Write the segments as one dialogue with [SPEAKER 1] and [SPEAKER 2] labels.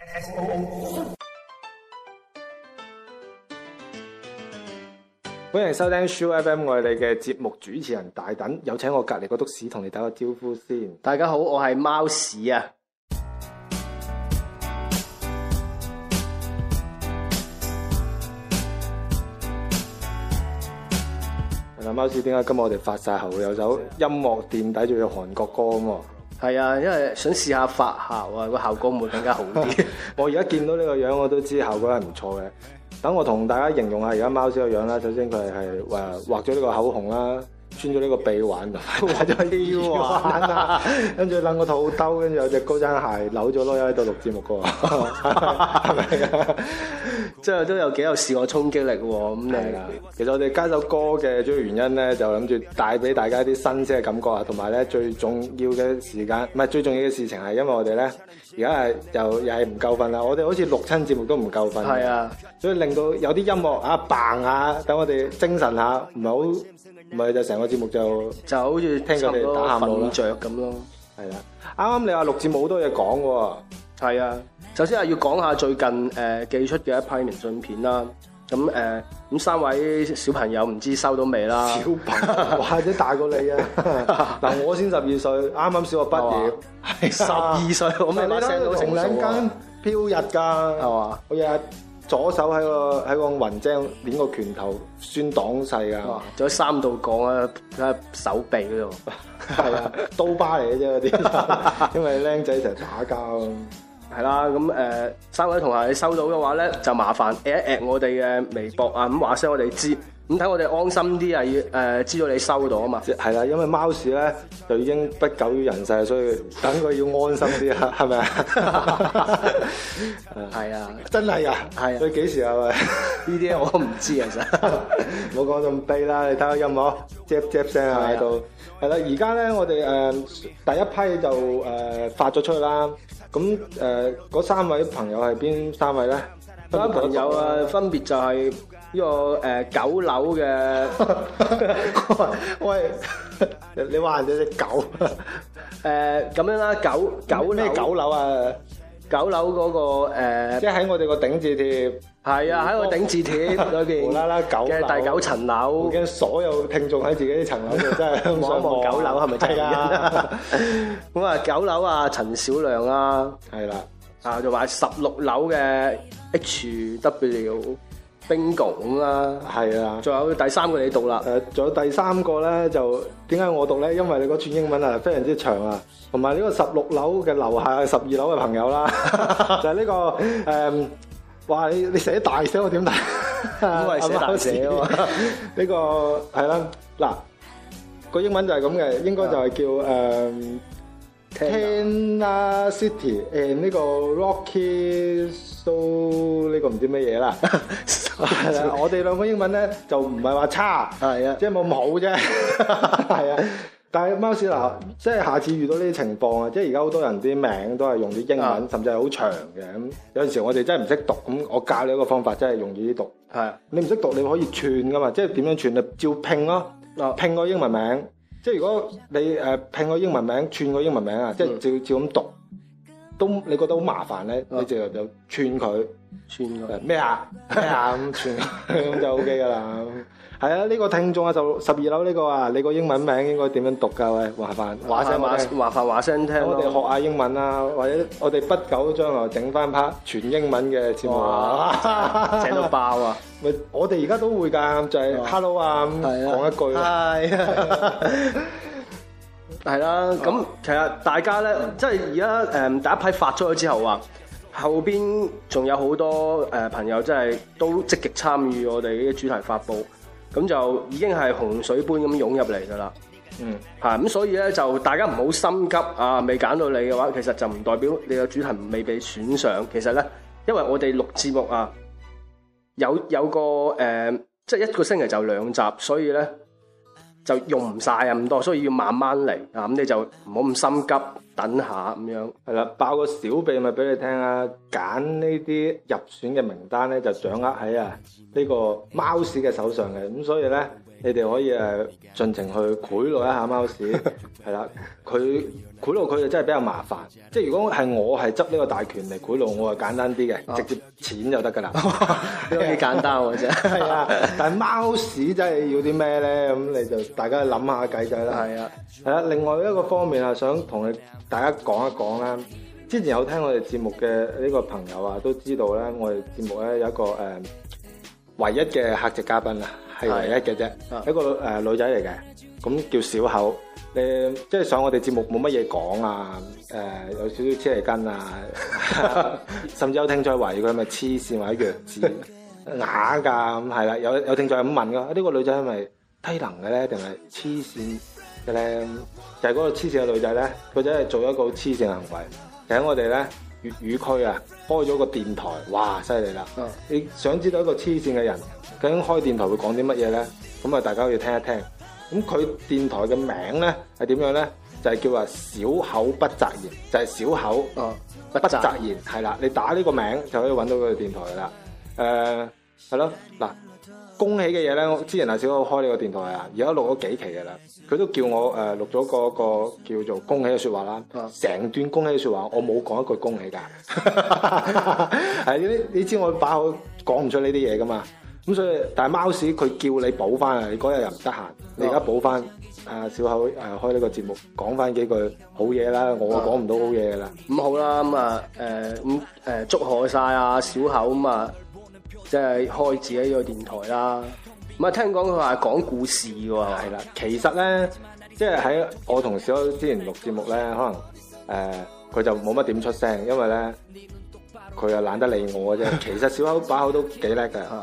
[SPEAKER 1] 歡迎收聽 Soo FM 我哋嘅節目主持人，大等，有請我隔籬個督屎同你打個招呼先。大家好，我係貓屎啊。嗱， 貓屎點解今日我哋發晒喉有首音樂墊底仲有韓國歌咁、嗯係啊，因為想試下發效啊，個效果會更加好啲。 我而家見到呢個樣，我都知效果係唔錯嘅。等我同大家形容下而家貓仔個樣啦。首先佢係係誒畫咗呢個口紅啦。穿咗呢個鼻環，買咗啲耳環啊，跟住攬個肚兜，隻跟住有隻高踭鞋扭咗咯，喺度錄節目嘅喎，係咪啊？即係 都有幾有視覺衝擊力喎。咁你的的其實我哋加首歌嘅主要原因咧，就諗住帶俾大家啲新鮮嘅感覺啊，同埋咧最重要嘅時間，唔係最重要嘅事情係因為我哋咧而家係又又係唔夠瞓啦。我哋好似錄親節目都唔夠瞓，係啊的，所以令到有啲音樂啊嘭下，等我哋精神下，唔係好。唔係就成個節目就就好似聽佢哋打瞓著咁咯。哦，係啊，啱啱你話六字冇好多嘢講喎，係啊。首先係要講下最近誒寄出嘅一批明信片啦。咁誒咁三位小朋友唔知收到未啦？小朋友或者大過你啊！嗱 我先十二歲，啱啱小學畢業，十 二歲我咩把聲成 兩斤飄日㗎，係嘛的？好嘢！左手喺個喺個雲精，攆個拳頭宣擋勢啊！仲有三度光啊！手臂嗰度，係 啊，刀疤嚟嘅啫嗰啲，因為靚仔成日打交咯。係啦、啊，咁、嗯、誒三位同學，你收到嘅話咧，就麻煩 at 一 at 我哋嘅微博啊，咁話聲我哋知。咁睇我哋安心啲啊，要誒、呃、知道你收到啊嘛。係啦、啊，因為貓屎咧就已經不久於人世，所以等佢要安心啲啦，係咪 啊？係 嗎啊，真係啊，係。所以幾時啊？呢 啲我都唔知啊，實。冇講咁悲啦，你睇下音樂，zap zap 聲啊喺度。係、呃、啦，而家咧我哋誒第一批就誒、呃、發咗出去啦。咁誒嗰三位朋友係邊三位咧？三位朋友啊，分別就係、是。呢個誒九樓嘅，喂，你話人哋隻狗？誒，咁樣啦，九九咩九樓啊？九樓嗰個誒，即係喺我哋個頂字帖。係啊，喺個頂字帖裏邊，無啦啦九樓嘅第九層樓，驚所有聽眾喺自己呢層樓度，真係望一望九樓係咪真嘅？咁啊，九樓啊，陳小亮啦，係啦，啊，就話十六樓嘅 H W。bingo 咁啦，係啊，仲的有第三個你讀啦。誒、呃，仲有第三個咧就點解我讀咧？因為你嗰串英文啊，非常之長啊，同埋呢個十六樓嘅樓下十二樓嘅朋友啦、啊， 就係呢、這個誒，話、呃、你你寫大寫我點大，因為 寫大寫喎，呢、 這個係啦，嗱個英文就係咁嘅，應該就係叫誒。呃 Tenacity 誒呢個 Rock Solid，個 s 都呢個唔知乜嘢啦，係啦，我哋兩個英文咧就唔係話差，係啊，即係冇咁好啫，係啊。但係貓屎娜，即係下次遇到呢啲情況啊，即係而家好多人啲名都係用啲英文，Yeah. 甚至係好長嘅。咁有陣時我哋真係唔識讀，咁我教你一個方法，真係用呢啲讀。係 Yeah.，你唔識讀你可以串噶嘛，即係點樣串啊？照拼咯，嗱，拼個英文名。即係如果你誒、呃、拼個英文名，串個英文名啊，嗯、即係照照咁讀，都你覺得好麻煩咧，啊、你就串串佢、呃、就串佢，串咩啊咩啊咁串，咁就 O K 噶啦。係啊，呢、這個聽眾啊就十二樓呢個啊，你個英文名應該點樣讀噶？喂，麻煩話聲是，麻話話翻話聲聽、啊、我哋學下英文啊，或者我哋不久將來整翻 part 全英文嘅節目、啊，哇 整到爆啊！喂，我哋而家都會噶，就係、是、hello 啊，咁講、哦、一句。係啊，係啦。咁其實大家咧，即係而家誒第一批發出去之後啊，後邊仲有好多誒朋友，即係都積極參與我哋呢啲主題發佈。咁就已經係洪水般咁湧入嚟㗎啦，嗯，嚇咁所以咧就大家唔好心急啊，未揀到你嘅話，其實就唔代表你嘅主題未被選上。其實咧，因為我哋錄節目啊，有有個誒、呃，即係一個星期就兩集，所以咧。就用唔晒啊，唔多，所以要慢慢嚟，啊、嗯、咁你就唔好咁心急，等下咁樣，係啦，爆個小秘密俾你聽啊，揀呢啲入選嘅名單咧，就掌握喺啊呢個貓屎嘅手上嘅，咁所以咧。你哋可以誒盡情去賄賂一下貓屎，係啦，佢賄賂佢就真係比較麻煩，即係如果係我係執呢個大權嚟賄賂，我係簡單啲嘅，直接錢就得㗎啦，都幾簡單喎真係。係啊，但係貓屎真係要啲咩咧？咁你就大家諗下計仔啦。係啊，係啊，另外一個方面啊，想同你大家講一講咧。之前有聽我哋節目嘅呢個朋友啊，都知道咧，我哋節目咧有一個誒唯一嘅客席嘉賓啊。係唯一嘅啫，的一個誒、呃、女仔嚟嘅，咁叫小口，誒即係上我哋節目冇乜嘢講啊，誒、呃、有少少黐嚟筋啊， 甚至有聽眾懷疑佢係咪黐綫或者弱智，啞噶咁係啦，有有聽眾咁問噶，呢、啊這個女仔係咪低能嘅咧，定係黐綫嘅咧？就係、是、嗰個黐綫嘅女仔咧，佢就係做一個黐綫行為，就喺我哋咧粵語區啊開咗個電台，哇犀利啦！嗯、你想知道一個黐綫嘅人？究竟開電台會講啲乜嘢咧？咁啊，大家要聽一聽。咁佢電台嘅名咧係點樣咧？就係、是、叫話小口不擇言，就係、是、小口不不擇言。係啦、哦，你打呢個名就可以揾到佢電台、呃、啦。誒係咯，嗱，恭喜嘅嘢咧，我之前係小口開呢個電台啊，而家錄咗幾期嘅啦。佢都叫我誒錄咗個個叫做恭喜嘅説話啦。成、哦、段恭喜嘅説話，我冇講一句恭喜㗎。係 你你知我把口講唔出呢啲嘢㗎嘛？咁所以，但係貓屎佢叫你補翻啊！你嗰日又唔得閒，哦、你而家補翻。啊，小口誒、啊、開呢個節目，講翻幾句好嘢啦！我講唔到好嘢噶啦。咁好啦，咁啊誒咁誒祝賀晒啊小口咁啊、嗯嗯，即係開自己呢個電台啦。咁、嗯、啊聽講佢話講故事喎，係啦。其實咧，即係喺我同小口之前錄節目咧，可能誒佢、呃、就冇乜點出聲，因為咧佢又懶得理我啫。 其實小口把口都幾叻噶。嗯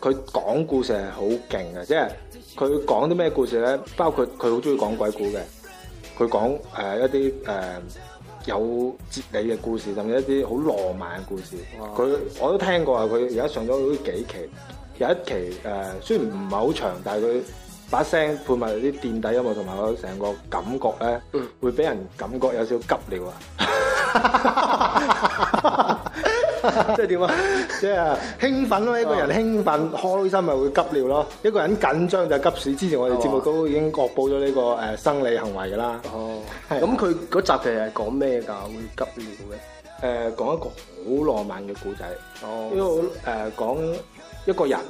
[SPEAKER 1] 佢講故事係好勁嘅，即係佢講啲咩故事咧？包括佢好中意講鬼故嘅，佢講誒、呃、一啲誒、呃、有哲理嘅故事，甚至一啲好浪漫嘅故事。佢哇 我都聽過啊！佢而家上咗幾期，有一期誒、呃、雖然唔係好長，但係佢把聲配埋啲墊底音樂同埋個成個感覺咧，會俾人感覺有少少急尿啊！ 即係點啊？即係 興奮奮咯，一個人興奮、oh. 開心咪會急尿咯。Oh. 一個人緊張就急屎。之前我哋節目都已經確保咗呢、這個誒、呃、生理行為噶啦。哦。咁佢嗰集其實係講咩噶？會急尿嘅。誒、呃，講一個好浪漫嘅故仔。哦、oh. 呃。因為誒講一個人，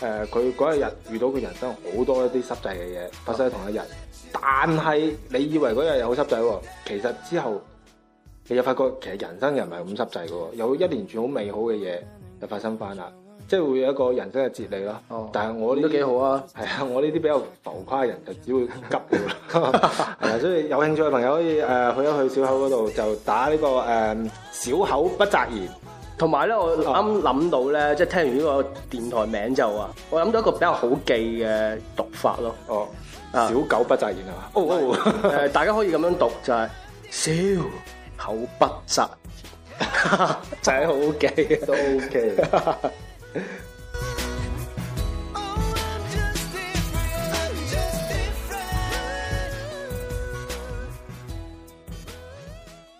[SPEAKER 1] 誒佢嗰一日遇到佢人生好多一啲濕滯嘅嘢，oh. 發生喺同一日。但係你以為嗰日有濕滯，其實之後。你又發覺其實人生又唔係咁濕滯嘅，有一連串好美好嘅嘢就發生翻啦，即係會有一個人生嘅哲理咯。哦，但係我呢啲都幾好啊。係啊，我呢啲比較浮誇嘅人就只會急嘅啦。係啊，所以有興趣嘅朋友可以誒去一去小口嗰度就打呢、這個誒、嗯、小口不擇言。同埋咧，我啱諗到咧，即係、哦、聽完呢個電台名就啊，我諗到一個比較好記嘅讀法咯。哦，小狗不擇言係、啊、嘛？哦，誒， 大家可以咁樣讀就係、是、小。口不實，真係好勁，都 So OK。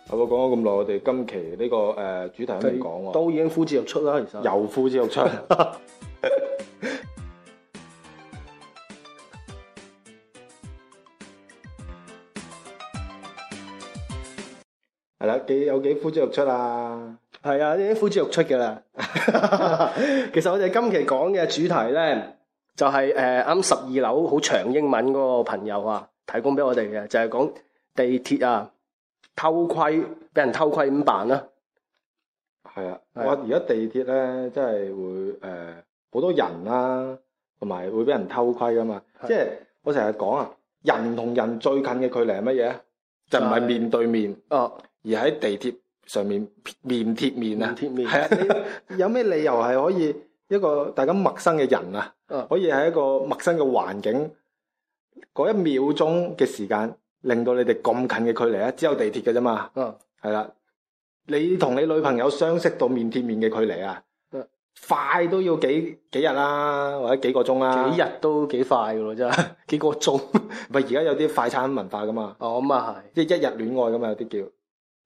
[SPEAKER 1] 阿伯講咗咁耐，我哋今期呢、這個誒、呃、主題喺度講，都已經呼之欲出啦，其實。又呼之欲出。 係啦，幾有幾呼之欲出啊？係啊，已經呼之欲出嘅啦。 其實我哋今期講嘅主題咧，就係誒啱十二樓好長英文嗰個朋友啊，提供俾我哋嘅，就係、是、講地鐵啊，偷窺俾人偷窺咁辦啦。係啊，我而家地鐵咧，真係會誒好、呃、多人啦、啊，同埋會俾人偷窺噶嘛。的即係我成日講啊，人同人最近嘅距離係乜嘢？就唔、
[SPEAKER 2] 是、係面
[SPEAKER 1] 對面。哦、啊。而喺地鐵上面面貼面啊，貼面，係啊，有咩理由係可以一個大家陌生嘅人啊，啊可以喺一個陌生嘅環境嗰一秒鐘嘅時間，令到你哋咁近嘅距離啊？只有地鐵嘅啫嘛，係啦、啊啊，你同你女朋友相識到面貼面嘅距離啊，啊快都要幾幾日啦、啊，或者幾個鐘啦，幾日都幾快嘅咯，真係幾個鐘，唔而家有啲快餐文化噶嘛，哦咁啊係，即係一日戀愛咁啊，有啲叫。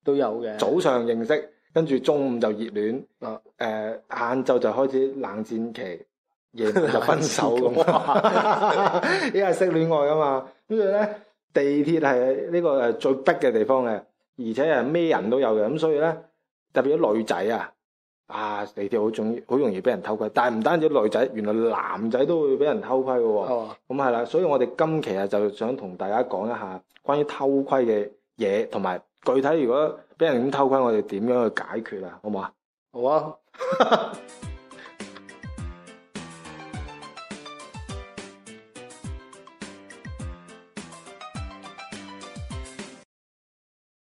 [SPEAKER 1] 都有嘅，早上認識，跟住中午就熱戀，啊、呃、晏晝就開始冷戰期，夜就分手咁，因為識戀愛噶嘛？跟住咧，地鐵係呢個誒最逼嘅地方嘅，而且係咩人都有嘅，咁所以咧，特別啲女仔啊，啊地鐵好容易好容易俾人偷窺，但係唔單止女仔，原來男仔都會俾人偷窺嘅喎。咁係啦，所以我哋今期啊，就想同大家講一下關於偷窺嘅嘢同埋。具體如果俾人咁偷窺，我哋點樣去解決好啊， 啊？好唔好啊？好啊。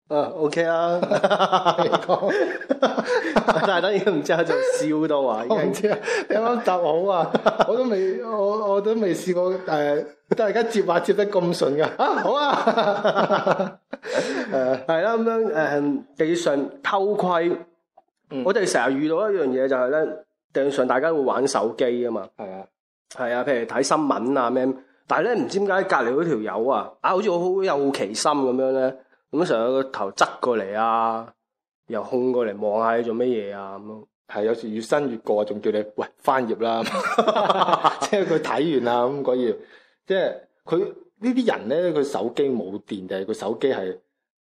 [SPEAKER 1] 啊，OK 啊。你講，大家已經唔知喺度笑到啊。你啱啱答好啊，我都未，我我都未試過誒，但大家接話接得咁順噶。啊，好啊。 誒，係、oui，啦、嗯，咁樣誒，地上偷窺，嗯、我哋成日遇到一樣嘢就係咧，地上大家都會玩手機啊嘛，係的啊，係啊，譬如睇新聞啊咩，但係咧唔知點解隔籬嗰條友啊，啊好似我好有好奇心咁樣咧，咁成日個頭側過嚟啊，又控過嚟望下你做乜嘢啊咁，係、嗯、有時越新越過，仲叫你喂翻頁啦，即係佢睇完啦咁嗰頁，即係佢。就是他呢啲人咧，佢手機冇電定係佢手機係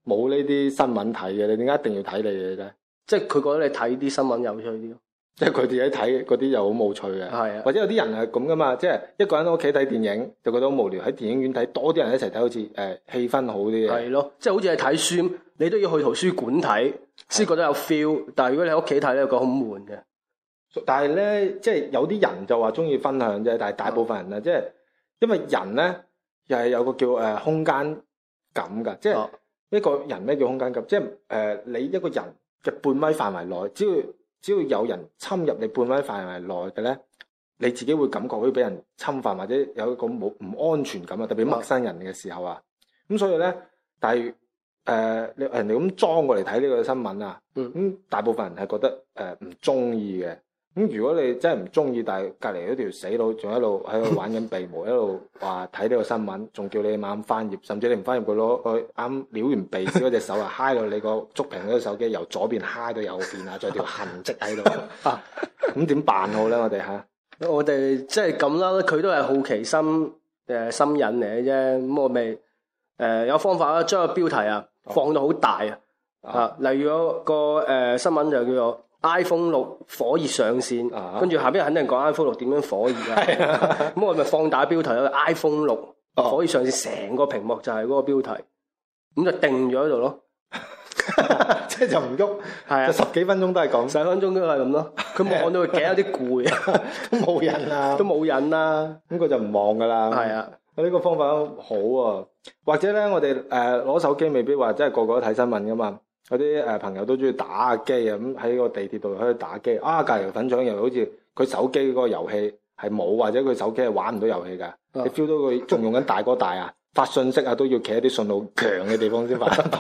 [SPEAKER 1] 冇呢啲新聞睇嘅？你點解一定要睇你嘅啫？即係佢覺得你睇啲新聞有趣啲咯。即係佢自己睇嗰啲又好冇趣嘅。係啊的。或者有啲人係咁噶嘛，即係一個人喺屋企睇電影就覺得好無聊，喺電影院睇多啲人一齊睇，好似誒氣氛好啲嘅。係咯，即係好似係睇書，你都要去圖書館睇先覺得有 feel、啊。但係如果你喺屋企睇咧，覺得好悶嘅。但係咧，即係有啲人就話中意分享啫。但係大部分人咧，即係、嗯、因為人咧。又係有個叫誒空間感㗎，即係一個人咩叫空間感？即係誒、呃、你一個人嘅半米範圍內，只要只要有人侵入你半米範圍內嘅呢，你自己會感覺好似俾人侵犯或者有一個冇唔安全感啊！特別陌生人嘅時候啊，咁、啊、所以呢，但係誒、呃、人哋咁裝過嚟睇呢個新聞啊，咁、嗯嗯、大部分人係覺得誒唔鍾意嘅。呃咁如果你真係唔中意，但係隔離嗰條死佬仲一路喺度玩緊鼻毛，一路話睇呢個新聞，仲叫你猛翻頁，甚至你唔翻頁，佢攞佢啱撩完鼻嗰隻手啊，嗨到你個觸屏嗰隻手機，由左邊嗨到右邊再 啊，仲有條痕跡喺度咁點辦好咧？我哋嚇，我哋即係咁啦，佢的都係好奇心誒心癮嚟嘅啫。咁我咪誒有，呃、有方法啦，將個標題啊放到好大、哦、啊，例如有、嗰個、呃、新聞就叫做。iPhone 六火熱上線，跟住、啊、下邊肯定講 iPhone 六點樣火熱啦。咁我咪放大標題咯，iPhone 六火熱上線，成個屏幕就係嗰個標題，咁就定咗喺度咯，即係就唔喐，係一一 一啊，十幾分鐘都係講，十幾分鐘都係咁咯。佢望到佢頸有啲攰，冇癮啊，都冇癮啦。咁佢就唔望噶啦。係一啊，呢一個方法好啊。或者咧，我哋誒攞手機未必話真係個個都睇新聞噶嘛。有啲誒朋友都中意打機啊，咁喺個地鐵度喺度打機啊，隔籬粉腸又好似佢手機嗰個遊戲係冇，或者佢手機係玩唔到遊戲㗎。啊、你 feel 到佢仲用緊大哥大啊，發信息啊都要企喺啲信號強嘅地方先發得到，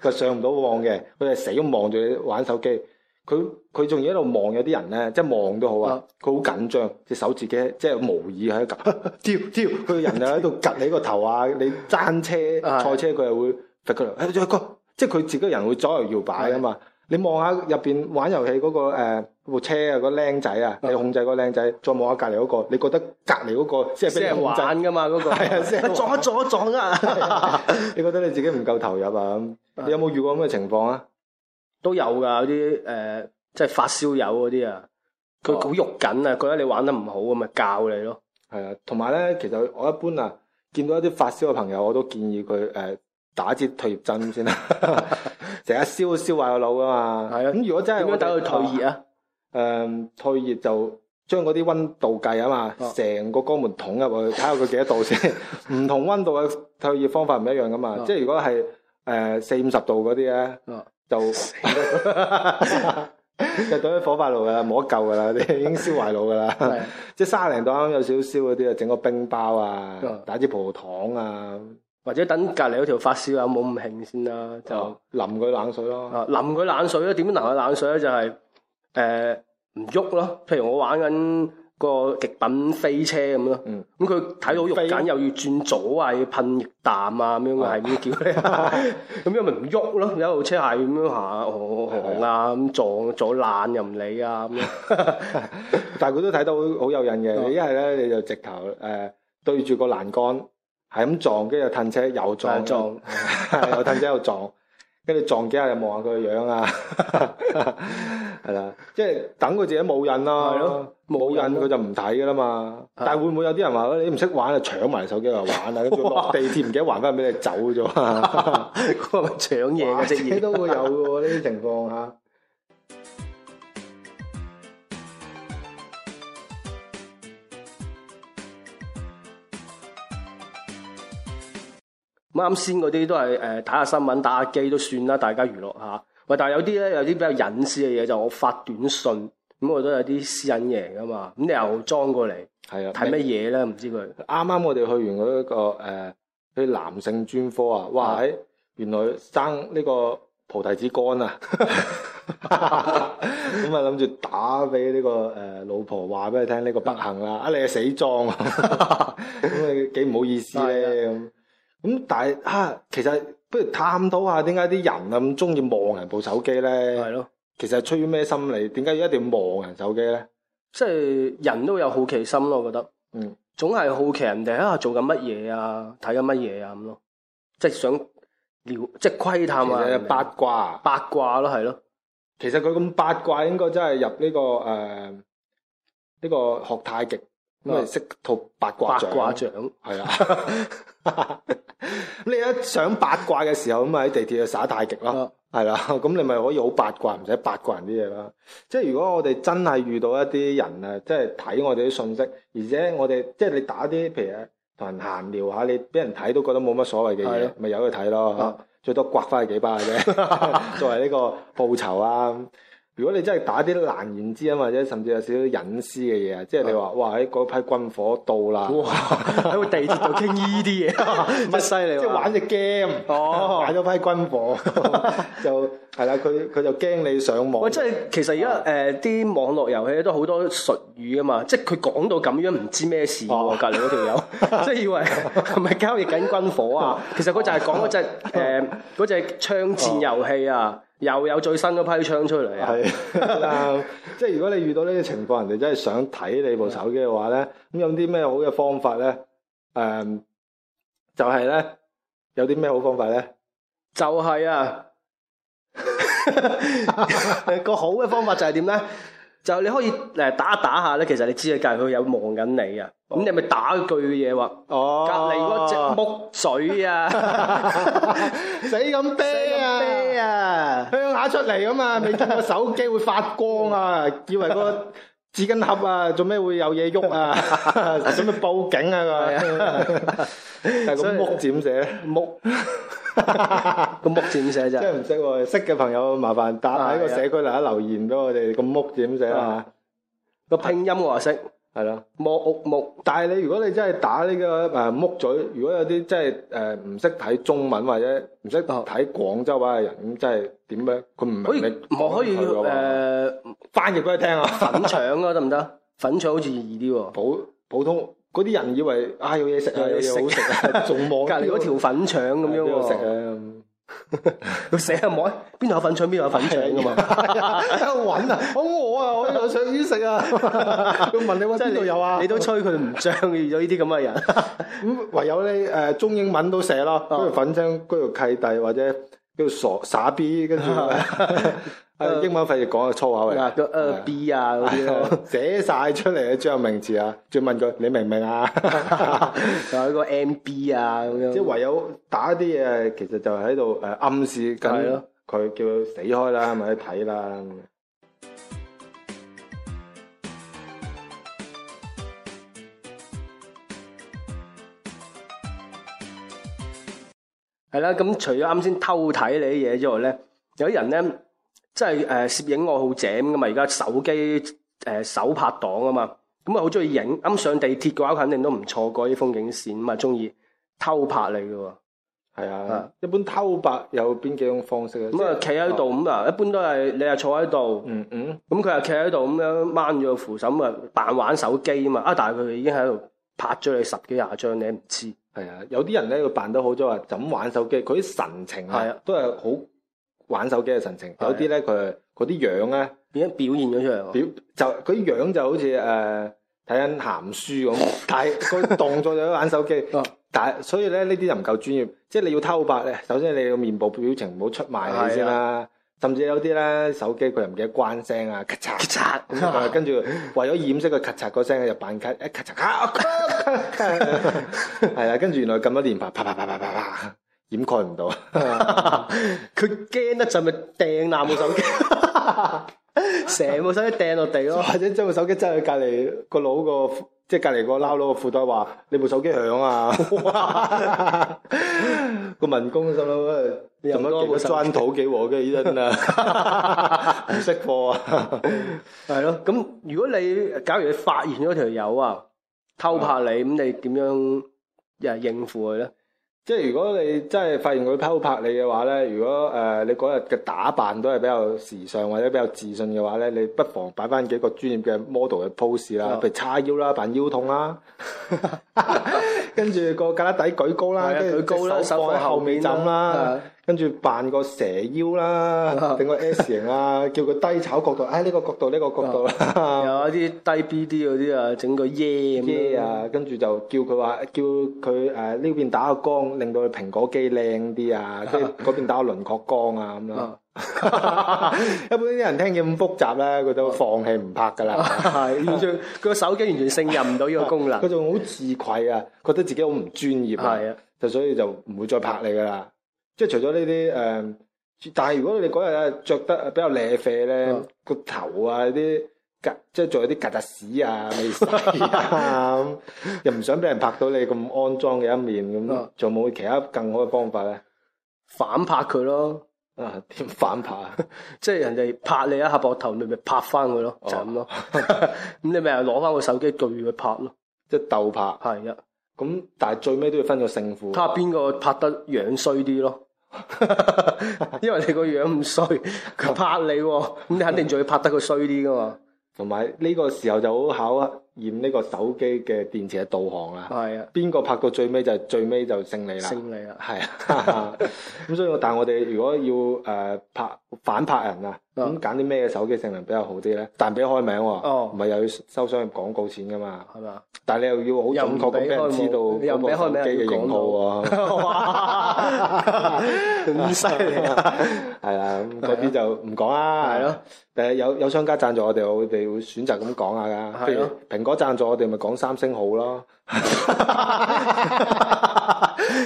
[SPEAKER 1] 佢 上唔到網嘅，佢係死都望住你玩手機。佢佢仲要喺度望，有啲人咧，即係望都好啊，佢好緊張，隻手自己即係無意喺度 𥄫，跳跳佢人就喺度 𥄫 你個頭你啊！你爭車賽車佢又會突佢即係佢自己人會左右搖擺啊嘛！的你望下入邊玩遊戲嗰、那個、呃、部車啊，那個靚仔啊，的你控制個靚仔，再望下隔離嗰個，你覺得隔離嗰個即係俾人玩㗎嘛？嗰、那個係啊， 撞一撞一撞啊！ 你覺得你自己唔夠投入啊？咁你有冇遇過咁嘅情況啊？都有㗎嗰啲誒，即係發燒友嗰啲啊，
[SPEAKER 2] 佢好肉
[SPEAKER 1] 緊啊，哦、覺得你玩得唔好咁咪教你咯。係啊，同埋咧，其實我一般啊，見到一啲發燒嘅朋友，我都建議佢誒。呃打支退熱針先啦，成日燒燒壞個腦噶嘛。係啊，咁如果真係點樣等佢退熱啊？誒，退熱就將嗰啲溫度計啊嘛，成個肛門捅入去，睇下佢幾多度先。唔同溫度嘅退熱方法唔一樣噶嘛。即係如果係誒四五十度嗰啲咧，就就等於火化爐噶啦，冇得救噶啦，已經燒壞腦噶啦。即係卅零度啱有少少嗰啲啊，整個冰包啊，打支葡萄糖啊。或者等隔離嗰條發燒友冇咁興先啦，就淋佢冷水咯。淋佢冷水咧，點樣淋佢冷水咧？就係誒唔喐咯。譬如我玩緊個極品飛車咁咯，咁佢睇到肉緊又要轉左啊，要噴液氮啊咁樣嘅係咁叫咧。咁樣咪唔喐咯，一路車係咁樣行行啊，咁撞撞爛又唔理啊。但係佢都睇到好有癮嘅，一係咧你就直頭誒對住個欄杆。係咁撞，跟住又褪車又撞，又褪車又撞，跟住 撞幾下又望下佢個樣啊，係 啦，即係等佢自己冇癮啦、啊，冇癮佢就唔睇噶啦嘛。啊、但係會唔會有啲人話你唔識玩就搶埋手機嚟玩啊！佢落地鐵唔哇記得還翻俾你走咗，嗰個搶嘢嘅職業都會有喎呢啲情況嚇。啱先嗰啲都係誒睇下新聞，打下機都算啦，大家娛樂下。喂，但係有啲咧有啲比較隱私嘅嘢，就係、我發短信咁、嗯，我都有啲私隱嘢噶嘛。咁你又裝過嚟？係啊的，睇乜嘢咧？唔知佢啱啱我哋去完嗰、嗰個啲、呃、男性專科啊，哇！原來生呢個菩提子乾啊，咁啊諗住打俾呢個誒老婆話俾佢聽，呢個不幸啊。啊 你係死裝啊，咁你幾唔好意思咧咁。 咁但係啊，其實不如探討下點解啲人咁中意望人部手機咧？係咯，其實係出於咩心理？點解要一定要望人手機咧？即係人都有好奇心咯，我覺得，嗯，總係好奇人哋喺度做緊乜嘢啊，睇緊乜嘢啊咁咯，即係想聊，即係窺探啊，八卦，八卦，八卦咯，係咯。其實佢咁八卦應該、這個，應該真係入呢個誒呢個學太極咁啊，識是的 的套八卦掌，係啊。 你一想八卦嘅時候咁咪喺地鐵啊耍太極咯，係啦、啊，咁你咪可以好八卦，唔使八卦人啲嘢啦。即係如果我哋真係遇到一啲人啊，即係睇我哋啲信息，而且我哋即係你打啲，譬如同人閒聊下，你俾人睇都覺得冇乜所謂嘅嘢，咪由佢睇咯，啊、最多刮翻佢幾巴嘅啫， 作為呢個報酬啊。如果你真係打啲難言之隱或者甚至有少少隱私嘅嘢啊，即係你話哇喺嗰批軍火到啦，喺個地鐵度傾依啲嘢，乜犀利！即係玩隻 game，玩咗批軍火就係啦，佢佢就驚你上網。哇！即係其實而家誒啲網絡遊戲都好多術語啊嘛，即係佢講到咁樣唔知咩事、啊、隔離嗰條友即係以為係咪 交易緊軍火啊？其實佢就係講嗰隻誒隻槍戰遊戲啊。啊啊又有最新嗰批槍出嚟啊！即係 如果你遇到呢啲情況，人哋真係想睇你部手機嘅話咧，咁有啲咩好嘅方法咧？誒，um，就係咧，有啲咩好方法咧？就係啊！個好嘅方法就係點咧？就你可以誒打一打下咧，其實你知嘅，隔離佢有望緊你啊。咁你咪打句嘢話。哦。隔離嗰隻木水啊，死咁啤啊，啤啊，鄉下出嚟咁啊，未見過個手機會發光啊，以為個紙巾盒啊，做咩會有嘢喐啊，準備報警啊，係個木字點寫？木個木字點寫啫？即係唔識喎，識嘅朋友麻煩打喺個社區下留言俾我哋。個木字點寫啊？個拼音我話識，係咯，木屋木。但係你如果你真係打呢個誒木嘴，如果有啲真係誒唔識睇中文或者唔識睇廣州話嘅人，咁真係點咧？佢唔可以唔可以誒翻譯俾佢聽啊？粉腸啊，得唔得？粉腸好似易啲喎。普普通。嗰啲人以為啊、哎、有嘢食啊，有嘢好食看 啊，仲望隔籬嗰條粉腸咁樣喎，食啊，要寫下望，邊度有粉腸，邊度有粉腸啊嘛，喺度揾啊，好餓啊，我又想食啊，要問你揾邊度有啊，你都吹佢唔漲，遇咗呢啲咁嘅人，咁 唯有咧誒、呃、中英文都寫咯，嗰條、哦、粉腸嗰條契弟或者叫傻傻逼。跟住。 英文費事講啊，粗口嚟，叫 A B 啊嗰啲，寫曬出嚟嘅專有名詞啊，再問佢你明唔明啊？仲有個 M B 啊咁樣，即係唯有打啲嘢，其實就喺度誒暗示咁，佢叫佢死開啦，咪去睇啦。係啦，咁除咗啱先偷睇你啲嘢之外咧，有啲人咧。即係誒攝影愛好者㗎嘛，而家手機誒、呃、手拍檔啊嘛，咁啊好中意影。咁上地鐵嘅話，肯定都唔錯過啲風景線嘛。咁啊，中意偷拍你嘅喎。係啊的，一般偷拍有邊幾種方式咧？咁啊，企喺度咁啊，一般都係你啊坐喺度。嗯嗯。咁佢啊企喺度咁樣掹住個扶手，咁啊扮玩手機啊嘛。啊，但係佢已經喺度拍咗你十幾廿張，你唔知。係啊，有啲人咧，佢扮得好咗啊，就咁玩手機，佢啲神情啊的都係好。玩手機嘅神情，有啲咧佢嗰啲樣咧，點樣表現咗出嚟？表就嗰啲樣就好似誒睇緊鹹書咁，但係佢動作就喺玩手機。但係所以咧呢啲又唔夠專業，即係你要偷拍咧，首先你個面部表情唔好出賣你先啦。甚至有啲咧手機佢又唔記得關聲啊，咔嚓咔嚓，跟住為咗掩飾個咔嚓嗰聲咧，就扮咔一咔嚓咔，咔係啦，跟住原來咁多年啪啪啪啪啪啪。掩蓋唔到，佢，驚得就咪掟爛部手機，成部手機掟落地咯，或者將部手機掙去隔籬個佬個，即係隔籬個撈佬個褲袋話： 你部手機響啊！ 個民工心諗喂，你有攞個磚土幾鑊嘅呢？真啊，識貨啊，係咯。咁如果你假如你發現咗條友啊偷拍你，咁 你點樣又應付佢咧？即係如果你真係發現佢偷拍你嘅話咧，如果誒你嗰日嘅打扮都係比較時尚或者比較自信嘅話咧，你不妨擺翻幾個專業嘅 model 嘅 pose 啦，譬的如叉腰啦，扮腰痛啦， 跟住個胳肋底舉高啦，跟住的舉高啦，手放後尾枕、啊、啦。跟住扮個蛇腰啦，整個 S 型啊，叫佢低炒角度，哎呢個角度，呢個角度，有一啲低 B D 嗰啲啊，整個耶咁啊，跟住就叫佢話叫佢誒呢邊打個光，令到佢蘋果機靚啲啊，跟住嗰邊打個輪廓光啊咁樣。一般啲人聽嘢咁複雜咧，佢都放棄唔拍噶啦。係完全佢個手機完全勝任唔到呢個功能。佢仲好自愧啊，覺得自己好唔專業啊，就所以就唔會再拍你噶啦。即係除咗呢啲誒，但係如果你嗰日着得比較靚啡咧，個、嗯、頭啊啲，即係仲有啲曱甴屎啊未洗啊， 又唔想俾人拍到你咁骯髒嘅一面咁，仲冇、嗯、其他更好嘅方法咧？反拍佢咯，啊點反拍啊？即係人哋拍你一下膊頭，你咪拍翻佢咯，哦、就咁咯。咁 你咪又攞翻個手機對佢拍咯，即係鬥拍係啊。咁，但係最尾都要分咗勝負，睇下邊個拍得樣衰啲咯。 因為你個樣唔衰，佢拍你，咁 你肯定仲要拍得佢衰啲噶嘛。同埋呢個時候就好考驗呢個手機嘅電池嘅導航啦。係啊的，邊個拍到最尾就是、最尾就勝利啦。勝利啦，係啊是的。咁所以，我，但係我哋如果要誒、呃、拍反拍人啊。咁揀啲咩手機性能比較好啲咧？但俾開名喎，唔係又要收商業廣告錢噶嘛，係嘛？但你又要好準確咁俾人知道你有嗰個機嘅型號喎。咁犀利啊！係啦，咁嗰啲就唔講啦，係咯。誒，有有商家贊助我哋，我哋會選擇咁講下噶。譬如蘋果贊助我哋，咪講三星好咯。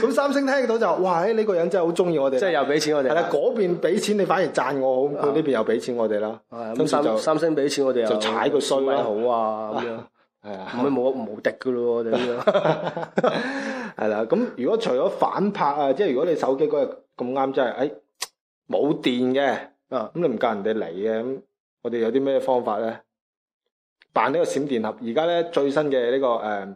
[SPEAKER 1] 咁三星聽到就，哇！呢呢個人真係好中意我哋，即係又俾錢我哋。係啦，嗰邊俾錢你反而讚我好，佢呢邊又俾錢我哋啦。咁三星三星俾錢我哋又踩佢衰位好啊，咁樣係啊，唔會冇無敵噶咯喎，咁樣係啦。咁如果除咗反拍啊，即係如果你手機嗰日咁啱真係，哎冇電嘅，咁你唔夾人哋嚟嘅，咁我哋有啲咩方法咧？辦呢個閃電盒，而家咧最新嘅呢個誒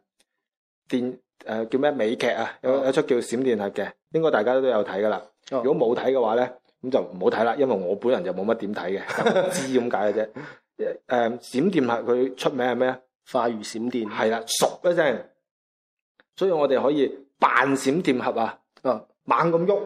[SPEAKER 1] 電，誒，叫咩美劇啊？有有出叫閃電俠嘅，應該大家都有睇噶啦。如果冇睇嘅話咧，咁就唔好睇啦，因為我本人就冇乜點睇嘅，知咁解嘅啫。誒，閃電俠佢出名係咩？快如閃電，係啦，熟一聲。所以我哋可以扮閃電俠啊，猛咁喐，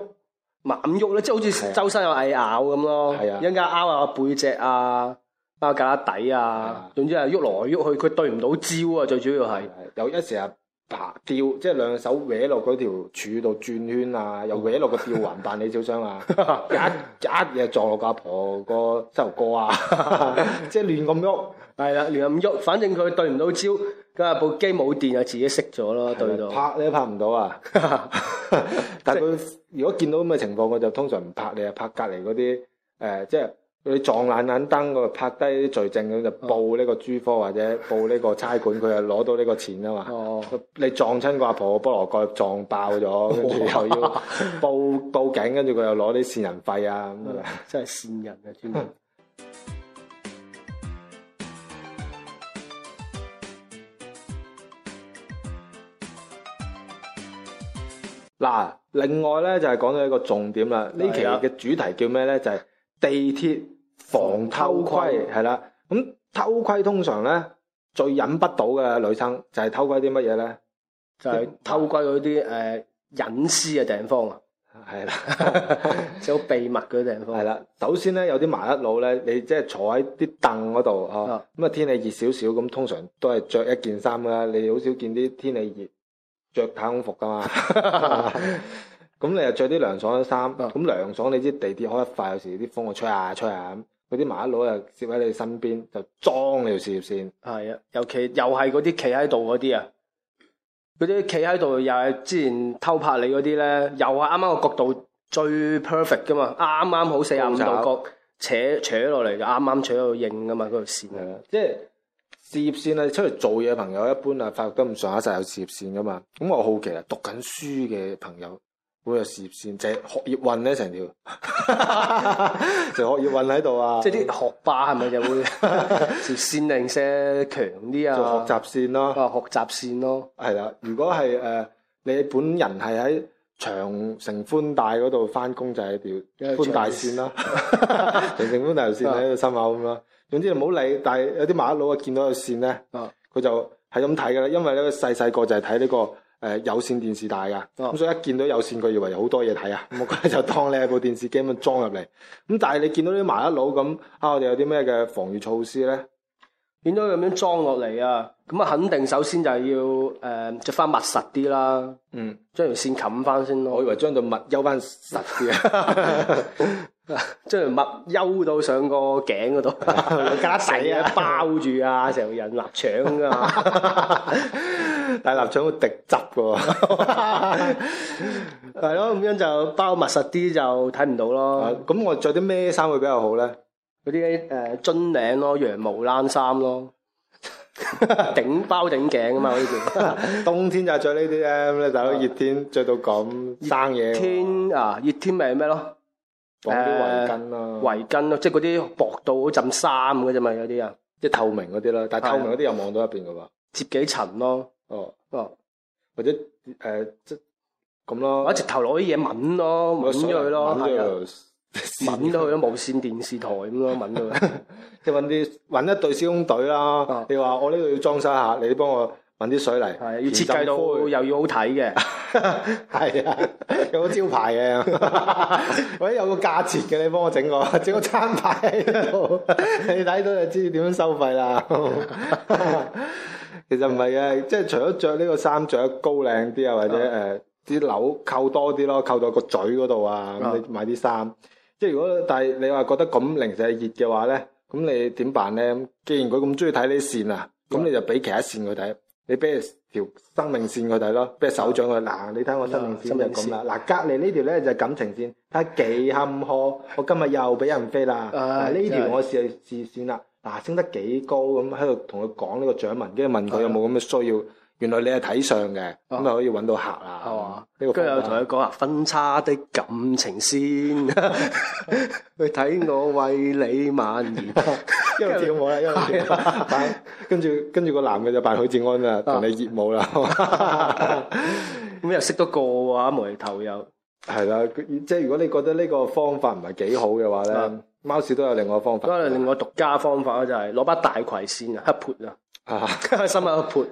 [SPEAKER 1] 猛喐咧，即係好似周身有蟻咬咁咯。係啊，一陣間拗下背脊啊，拗下架底啊，總之係喐來喐去，佢對唔到招啊，最主要係有一時啊。爬吊，即係兩手歪落嗰條柱度轉圈啊！又歪落 個吊環，彈你招商啊！一一嘢撞落個阿婆個膝頭哥啊！即係亂咁喐，係啦，亂咁喐，反正佢對唔到招，咁啊部機冇電啊，自己熄咗咯，對到是是拍你都拍唔到啊！ 但係佢如果見到咁嘅情況，我就通常唔拍你啊，拍隔籬嗰啲誒，即係。你撞爛爛燈，佢拍低啲罪證，佢就報呢個 G 科或者報呢個差館，佢就攞到呢個錢啊嘛。哦，你撞親個阿婆菠蘿蓋撞爆咗，跟住又要報哇報警，跟住佢又攞啲線人費啊咁樣。真係線人啊，專門。嗱，另外咧就係講到一個重點啦。呢是期嘅主題叫咩咧？就係、是。地鐵防偷窺係啦，咁偷窺盔通常咧最忍不到嘅女生就係偷窺啲乜嘢咧？就係偷窺嗰啲誒隱私嘅地方啊，係啦，即好秘密嘅地方。係啦的， 首先咧有啲麻甩佬咧，你即係坐喺啲凳嗰度啊，咁啊、嗯嗯、天氣熱少少，咁通常都係着一件衫噶啦，你好少見啲天氣熱着太空服噶嘛。 咁你又着啲涼爽嘅衫，咁、嗯、涼爽你啲地鐵開得快，有時啲風吹啊吹下、啊、吹下嗰啲麻甩佬又接喺你身邊，就裝你條事業線。係啊，尤其又係嗰啲企喺度嗰啲啊，嗰啲企喺度又係之前偷拍你嗰啲咧，又係啱啱個角度最 perfect 噶嘛，啱啱好四十五度角度扯扯落嚟，就啱啱扯到應噶嘛，嗰、那、條、個、線啊，即係事業線啊！出嚟做嘢朋友一般啊，發掘得唔上一曬有事業線噶嘛。咁我好奇啊，讀緊書嘅朋友。會有事業線，就係學業運咧成條，就 學業運喺度啊！即係啲學霸係咪就會條線令些強啲啊？做學習線咯、啊啊，學習線咯、啊，係啦。如果係誒、呃、你本人係喺長城寬帶嗰度翻工，就係條寬帶線啦、啊。長 城寬帶線喺度心口咁咯。總之唔好理，但係有啲馬佬啊見到條線咧，佢 就係咁睇噶啦。因為咧，佢細細個就係睇呢個誒有線電視大㗎，咁所以一見到有線，佢以為有好多嘢睇啊，咁我佢就當你係部電視機咁裝入嚟。咁但係你見到啲麻甩佬咁，啊我哋有啲咩嘅防禦措施咧？變咗咁樣裝落嚟啊，咁啊肯定首先就要誒著翻密實啲啦。嗯，將條線冚翻先咯，我以為將對襪優翻實啲啊，將條襪優到上個頸嗰度，加 底啊包住啊，成條呀人臘腸啊～ 大臘腸會滴汁嘅喎， 係咯，咁樣就包密實啲就睇唔到咯。咁我着啲咩衫會比較好咧？嗰啲誒樽領咯，羊毛冷衫咯，頂包頂頸啊嘛！嗰啲 冬天就着呢啲啊，咁咧，但係熱天着到咁熱 生嘢。天啊，熱天咪咩咯？綁啲
[SPEAKER 2] 圍巾咯、
[SPEAKER 1] 啊呃。圍巾咯，即係嗰啲薄到好似浸衫咁嘅啫嘛，有啲啊，即係透明嗰啲啦。但係透明嗰啲又望到入邊嘅嘛，折的幾層咯。哦哦，oh. 或者誒即咁咯，直一直頭攞啲嘢揾咯，揾咗佢咯，係啊咯，揾咗佢啦，無線電視台咁咯，揾到佢，即揾啲揾一隊施工隊啦。啊、你話我呢度要裝修下，你幫我揾啲水泥，係、啊、要設計到又要好睇嘅，係 啊，有個招牌嘅，我 有個價錢嘅，你幫我整個整個餐牌喺呢度， 你睇到就知點樣收費啦。 其實唔係嘅，即係除咗着呢個衫着得高靚啲啊，或者誒啲鈕扣多啲咯，扣到個嘴嗰度啊，咁、嗯、你買啲衫。即係如果但係你話覺得咁零舍熱嘅話咧，咁你點辦咧？既然佢咁中意睇呢線啊，咁你就俾其他線佢睇，你俾條生命線佢睇咯，俾手掌佢嗱、mm.，你睇我生命線咁啦、mm.。嗱身體，隔籬呢條咧就係、感情線，睇幾坎坷。我今日又俾人飛啦，呢條、mm. 我視視線啦。試試試嗱、啊，升得幾高咁，喺度同佢講呢個掌紋，跟住問佢有冇咁嘅需要。的原來你係睇相嘅？咁咪可以揾到客啦。哦、個跟住又同佢講啊， 分叉的感情線。 去睇我為你蔓延。因為跳舞啦，因為跳舞。跟住跟住個男嘅就扮許志安啦，同你熱舞啦。咁 又識多個喎、啊，無釐頭又。係啦，即係如果你覺得呢個方法唔係幾好嘅話咧。 貓屎都有另外個方法，都有另外獨家方法咯，就係攞把大葵扇啊，一撥啦，心口一撥，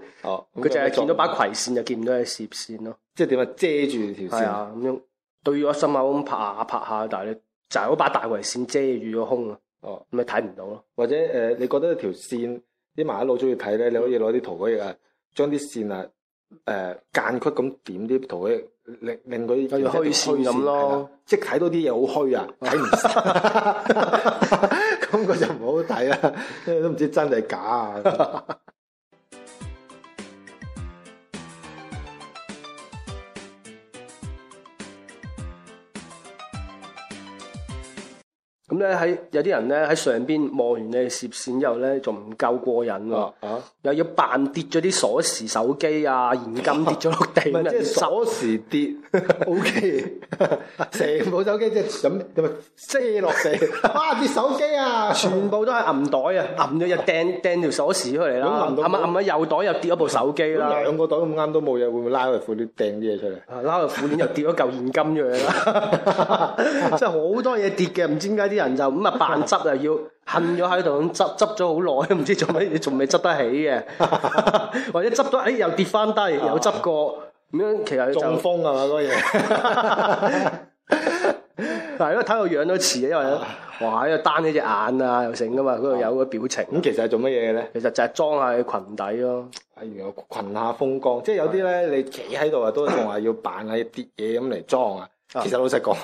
[SPEAKER 1] 佢淨係見到把葵扇就見唔到啲攝線咯、嗯，即係點啊，遮住條線，啊、樣對咗心口咁拍下拍下，但係咧就係嗰把大葵扇遮住咗胸啊，咁咪睇唔到咯。或者誒、呃，你覺得條線啲麻甩佬中意睇咧，你可以攞啲塗改液，將啲線啊誒、呃、間隙咁點啲塗令令佢開心咁咯，對即係睇到啲嘢好虛啊，睇唔實，咁 佢 就唔好睇啦、啊，都唔知真定假啊。 咁咧喺有啲人咧喺上邊望完你攝線之後咧，仲唔夠過癮喎？啊！又要扮跌咗啲鎖匙手機啊，現金跌咗落地。即係鎖匙跌，OK 成部手機即係咁咁咪，跌落嚟，哇！跌手機啊，全部都係揞袋啊，揞咗又掟掟條鎖匙出嚟啦。揞啊揞啊，右袋又跌咗部手機啦。兩、啊、個袋咁啱都冇嘢，會唔會拉佢褲鏈掟啲嘢出嚟、啊？拉佢褲鏈又跌咗嚿現金出嚟啦，即係好多嘢跌嘅，唔知點解啲。人就咁、 哎、啊，扮執又要恨咗喺度咁執執咗好耐，都唔知做乜嘢，仲未執得起嘅，或者執到哎又跌翻低，又執過咁樣。其實中風啊嘛，嗰個嘢但嗱，因為睇到樣都似，因為哇，喺度單呢隻眼啊，又成噶嘛，嗰度有個表情。咁其實係做乜嘢嘅咧？其實就係裝下佢裙底咯。例如裙下風光，即係有啲咧，你企喺度啊，都仲話要扮下跌嘢咁嚟裝，裝啊。其實老實講。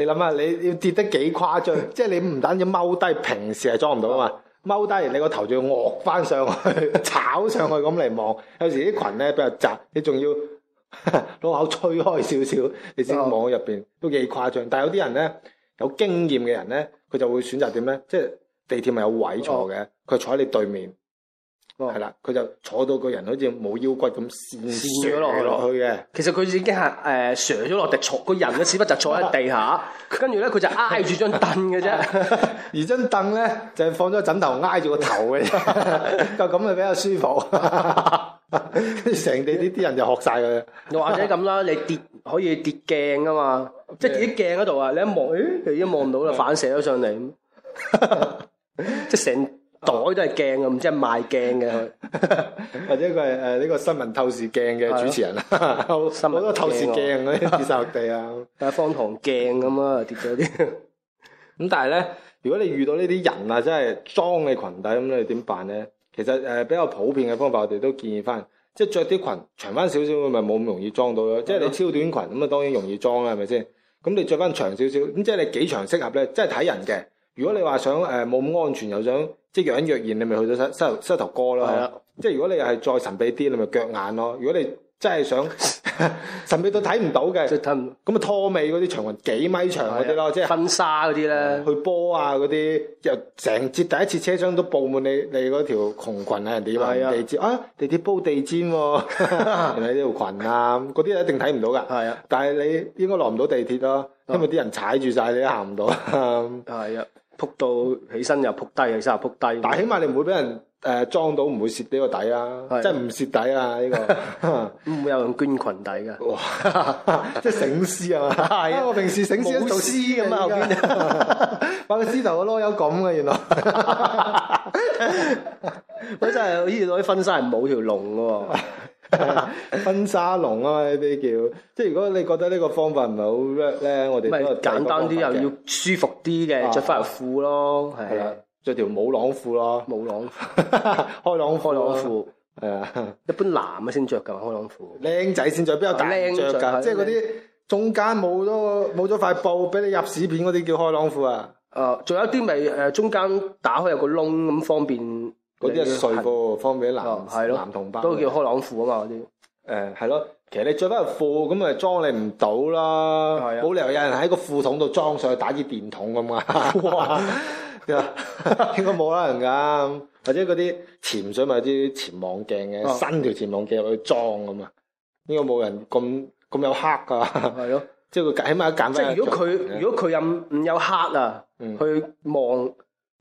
[SPEAKER 1] 你諗下，你要跌得幾誇張？即係你唔單止踎低，平時係裝唔到啊嘛，踎低你個頭就要惡翻上去， 炒上去咁嚟望。有時啲裙咧比較窄，你仲要攞 口吹開少少，你先望入邊，都幾誇張。但係有啲人咧，有經驗嘅人咧，佢就會選擇點咧？即係地鐵咪有位坐嘅，佢坐喺你對面。係啦，佢就坐到個人好似冇腰骨咁，跣咗落落去嘅。其實佢已經係誒上咗落地，坐，個人嘅屎忽就坐喺地下。跟住咧，佢就挨住張凳嘅啫。而張凳咧就放咗枕頭挨住個頭嘅啫，就咁啊比較舒服。跟住成地呢啲人就學晒佢。又或者咁啦，你跌可以跌鏡噶嘛？Okay. 即係跌鏡嗰度啊！你一望，誒、哎，你都望到啦，反射咗上嚟。即係成。 袋都係鏡啊，唔知係賣鏡嘅 或者佢係誒呢個新聞透視鏡嘅主持人啊，好多 透視鏡嗰啲跌落地啊，啊方糖鏡咁啊跌咗啲。咁但係咧，如果你遇到、就是、你你呢啲人啊，即係裝嘅裙底咁，你點辦咧？其實誒、呃，比較普遍嘅方法，我哋都建議翻，即係着啲裙長翻少少，咪冇咁容易裝到咯。即係 你超短裙咁啊，當然容易裝啦，係咪先？咁你着翻長少少，咁即係你幾長適合咧？即係睇人嘅。如果你話想誒冇咁安全又想即若隱若現，你咪去到膝膝頭膝頭哥咯。的即如果你係再神秘啲，你咪腳眼咯。如果你真係想 神秘都到睇唔到嘅，咁咪 拖尾嗰啲長裙幾米長嗰啲咯，即婚紗嗰啲咧，呢去波啊嗰啲，又成節第一次車廂都布滿你你嗰條窮裙啊，人哋要買地鐵啊，地鐵鋪地氈喎，人哋呢條裙啊，嗰啲一定睇唔到㗎。係啊的， 但係你應該落唔到地鐵咯，因為啲人踩住晒 你行唔到。係 啊。撲到起身又撲低，起身又撲低。但係起碼你唔會俾人誒、呃、裝到，唔會蝕呢個底啦，即係唔蝕底啊！呢是的、啊這個唔會 有人捐裙底噶。哇、 啊！即係醒獅啊！我平時醒獅好做獅咁啊，後邊把個獅頭個囉柚咁嘅原來。我 真係好似我啲婚紗冇條龍噶。婚紗籠啊呢啲叫，即係如果你覺得呢個方法唔係好 rock 咧，我哋咪簡單啲又要舒服啲嘅，着翻條褲咯，係啊，着條舞朗褲咯，舞朗褲，開朗開朗褲，係啊，一般男嘅先着噶開朗褲，靚仔先着，比較大着噶，即係嗰啲中間冇咗冇咗塊布俾你入屎片嗰啲叫開朗褲啊，哦，仲有啲咪誒中間打開有個窿咁方便。嗰啲係睡褲，方便男男同胞，都叫開朗褲啊嘛嗰啲。誒係咯，其實你着翻個褲咁咪裝你唔到啦。係啊，冇理由有人喺個褲筒度裝上去打支電筒咁啊！哇，應該冇啦，人噶，或者嗰啲潛水咪啲潛望鏡嘅，伸條潛望鏡去裝咁啊，應該冇人咁咁有黑噶。係咯，即係佢起碼一揀。如果佢如果佢有唔有黑啊，去望。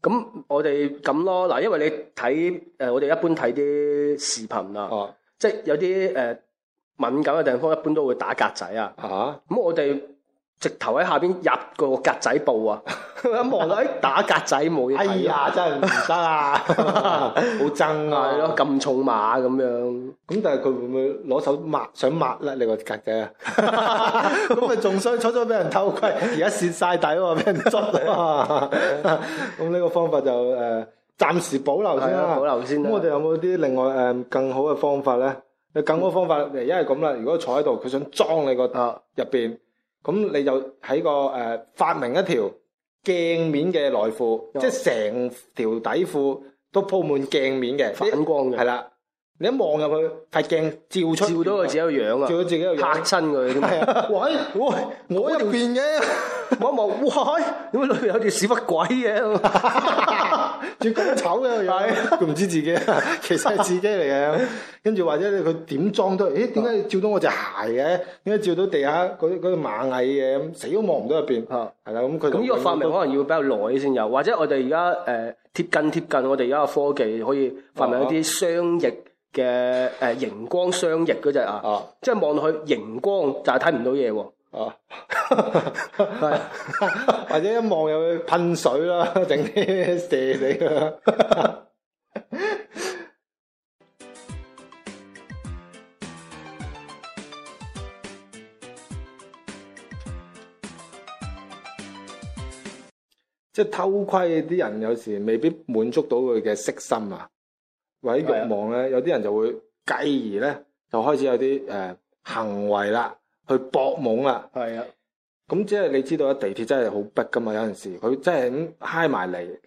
[SPEAKER 1] 咁我哋咁咯，嗱，因為你睇誒、呃，我哋一般睇啲視頻啊，啊即係有啲誒、呃、敏感嘅地方，一般都會打格仔啊。嚇、啊！咁我哋。直頭喺下邊入個格仔布啊！一望到哎打格仔冇嘢、啊，哎呀真係唔得啊！ 好憎啊！咯、啊，咁重馬咁樣，咁 但係佢會唔會攞手抹想抹甩你個格仔 啊！咁咪仲衰，初咗俾人偷窺，而家蝕晒底喎，俾人捉到啊！咁 呢 個方法就誒暫時保留先啦，保、啊、留先咁、啊、我哋有冇啲另外誒更好嘅方法咧？有更好嘅方法因一係咁啦。如果坐喺度，佢想裝你個入邊。啊 咁你就喺個誒、呃、發明一條鏡面嘅內褲，嗯、即係成條底褲都鋪滿鏡面嘅，反光嘅，係啦。你一望入去，塊鏡照出，照到佢自己個樣啊，照到自己個樣嚇親佢。喂，我我入邊嘅，望一望，哇！點解裏邊有條屎忽鬼嘅？最工醜嘅又係佢唔知自己，其實係自己嚟嘅。跟住或者佢點裝都，誒、欸，點解照到我隻鞋嘅？點解照到地下嗰啲嗰隻螞蟻嘅？咁、那個、死都望唔到入邊。吓， 係、嗯、啦，咁佢咁呢個發明可能要比較耐先有，或者我哋而家誒貼近貼近，我哋而家嘅科技可以發明一啲雙翼。嘅誒，熒光雙翼嗰隻啊，啊即係望落去熒光，就係睇唔到嘢喎。係，或者一望又去噴水啦，整啲射死啦。 即係偷窺啲人，有時未必滿足到佢嘅色心啊。或者欲望咧，的有啲人就會繼而咧，就開始有啲誒、呃、行為啦，去搏懵啦。係啊的，咁即係你知道，地鐵真係好逼噶嘛，有陣時佢真係咁揩埋嚟，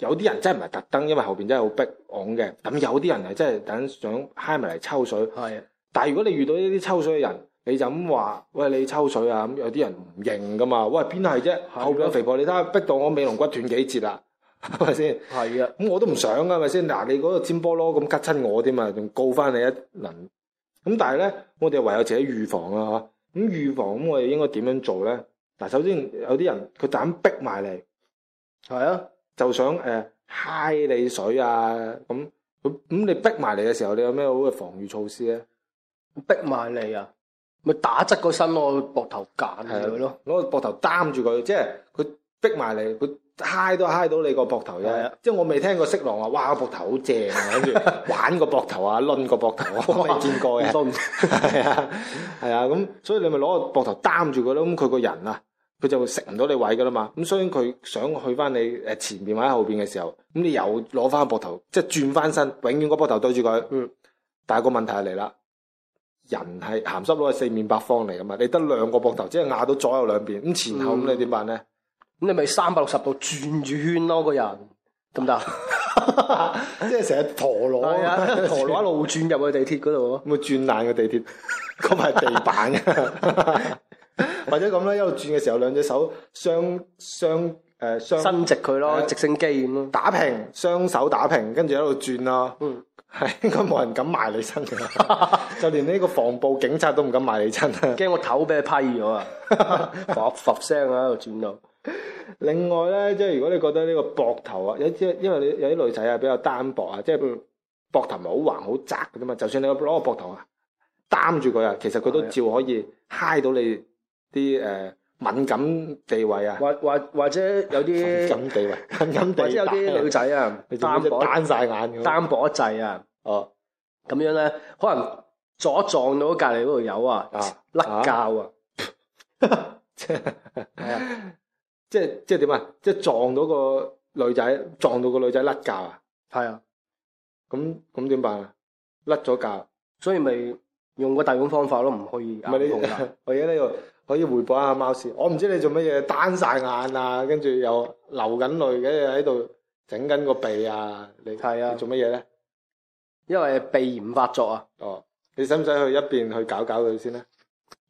[SPEAKER 1] 有啲人真係唔係特登，因為後邊真係好逼擁嘅。咁有啲人係真係等想揩埋嚟抽水。係啊的，但係如果你遇到呢啲抽水嘅人，你就咁話：喂，你抽水啊！咁有啲人唔認噶嘛，喂，邊係啫？後邊有肥婆，你睇下逼到我尾龍骨斷幾截啦！係咪先？係啊，咁的我都唔想啊。咪先？嗱，你嗰個尖波囉咁吉親我添啊，仲告翻你一輪。咁但係咧，我哋唯有自己預防啊。吓。咁預防咁，我哋應該點樣做咧？嗱，首先有啲人佢膽逼埋嚟，係啊的，就想誒、呃、揩你水啊。咁咁，你逼埋嚟嘅時候，你有咩好嘅防禦措施咧？逼埋嚟啊，咪打側個身咯，膊頭夾住佢咯，攞個膊頭擔住佢，即係佢逼埋嚟佢。嗨都嗨到你個膊頭嘅，的即係我未聽過色狼話哇個膊頭好正啊，跟住 玩個膊頭啊，掄個膊頭啊，未 見過嘅，係啊， 係啊，咁所以你咪攞個膊頭擔住佢咯，咁佢個人啊，佢就會食唔到你位噶啦嘛，咁所以佢想去翻你誒前面或者後邊嘅時候，咁你又攞翻個膊頭，即係轉翻身，永遠個膊頭對住佢，嗯，但係個問題係嚟啦，人係鹹濕佬四面八方嚟噶嘛，你得兩個膊頭，即係壓到左右兩邊，咁前後咁你點辦咧？嗯咁你咪三百六十度轉住圈咯、啊，個人得唔得？行行 即係成日陀螺，啊、陀螺一路轉入去地鐵嗰度，會轉爛個地鐵，嗰埋 地板嘅。 或者咁咧，一路轉嘅時候，兩隻手雙雙誒伸直佢咯，呃、直升機咁咯，打平雙手打平，跟住喺度轉咯。嗯，係 應該冇人敢埋你身嘅，就 連呢個防暴警察都唔敢埋你身，驚 我頭俾人批咗 啊！啪啪聲喺度轉到。另外咧，即係如果你覺得呢個膊頭啊，有即係因為你有啲女仔啊比較單薄啊，即係膊頭唔係好橫好窄嘅啫嘛，就算你攞個膊頭啊擔住佢啊，其實佢都照可以揩到你啲誒、呃、敏感地位啊，或或或者有啲敏感地位，或者啲女仔啊緊緊你單單晒眼，單薄一滯、oh，啊，哦，咁樣咧可能左撞到隔籬嗰度有啊甩膠啊，係啊。即係即係點啊！即係撞到個女仔，撞到個女仔甩臼啊！係啊，咁咁點辦啊？甩咗臼，所以咪用個大二方法咯，唔可以你用噶。 我而家呢度可以回報一下貓屎，我唔知你做乜嘢，單晒眼啊，跟住又流緊淚嘅，喺度整緊個鼻啊，你睇啊？做乜嘢咧？因為鼻炎發作啊！哦，你使唔使去一邊去搞搞佢先咧？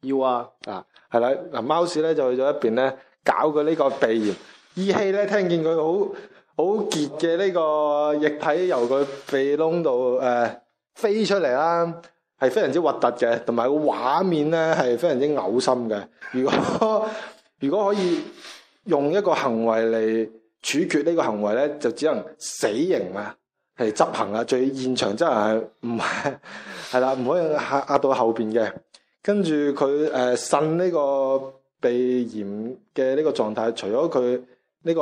[SPEAKER 1] 要啊！嗱、啊，係啦，嗱，貓屎咧就去咗一邊咧。搞佢呢個鼻炎，依稀咧聽見佢好好杰嘅呢個液體由佢鼻窿度誒飛出嚟啦，係非常之核突嘅，同埋個畫面咧係非常之嘔心嘅。如果如果可以用一個行為嚟處決呢個行為咧，就只能死刑啊，係執行啊，最現場真係唔係係啦，唔可以壓壓到後邊嘅。跟住佢誒呻呢個。鼻炎嘅呢個狀態，除咗佢呢個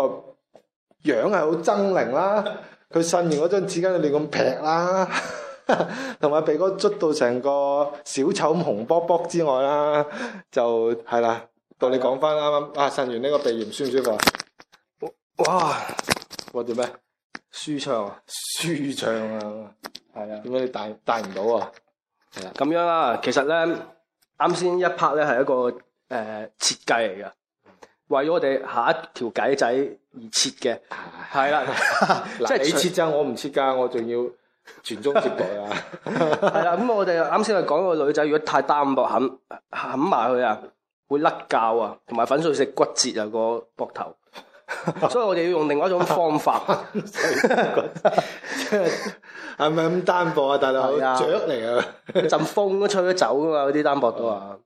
[SPEAKER 1] 樣係好猙獰啦，佢擤完嗰張紙巾你亂咁劈啦，同埋鼻哥捽到成個小丑咁紅卜卜之外啦，就係啦，同你講翻啱啱啊，擤完呢個鼻炎舒唔舒服啊？哇！哇！點咩？舒暢啊！舒暢啊！係的啊！點解你戴戴唔到啊？係啦，咁樣啦，其實咧，啱先一 part 咧係一個。誒，設計嚟噶，為咗我哋下一條偈仔而設嘅，係啦，即係你設架，我唔設架，我仲要傳宗接代啊！係啦，咁我哋啱先係講個女仔，如果太單薄，冚冚埋佢啊，會甩骹啊，同埋粉碎性骨折啊，個膊頭，所以我哋要用另外一種方法。即係，係咪咁單薄啊？大佬雀嚟啊！一陣風都吹咗走噶嘛，嗰啲單薄到啊！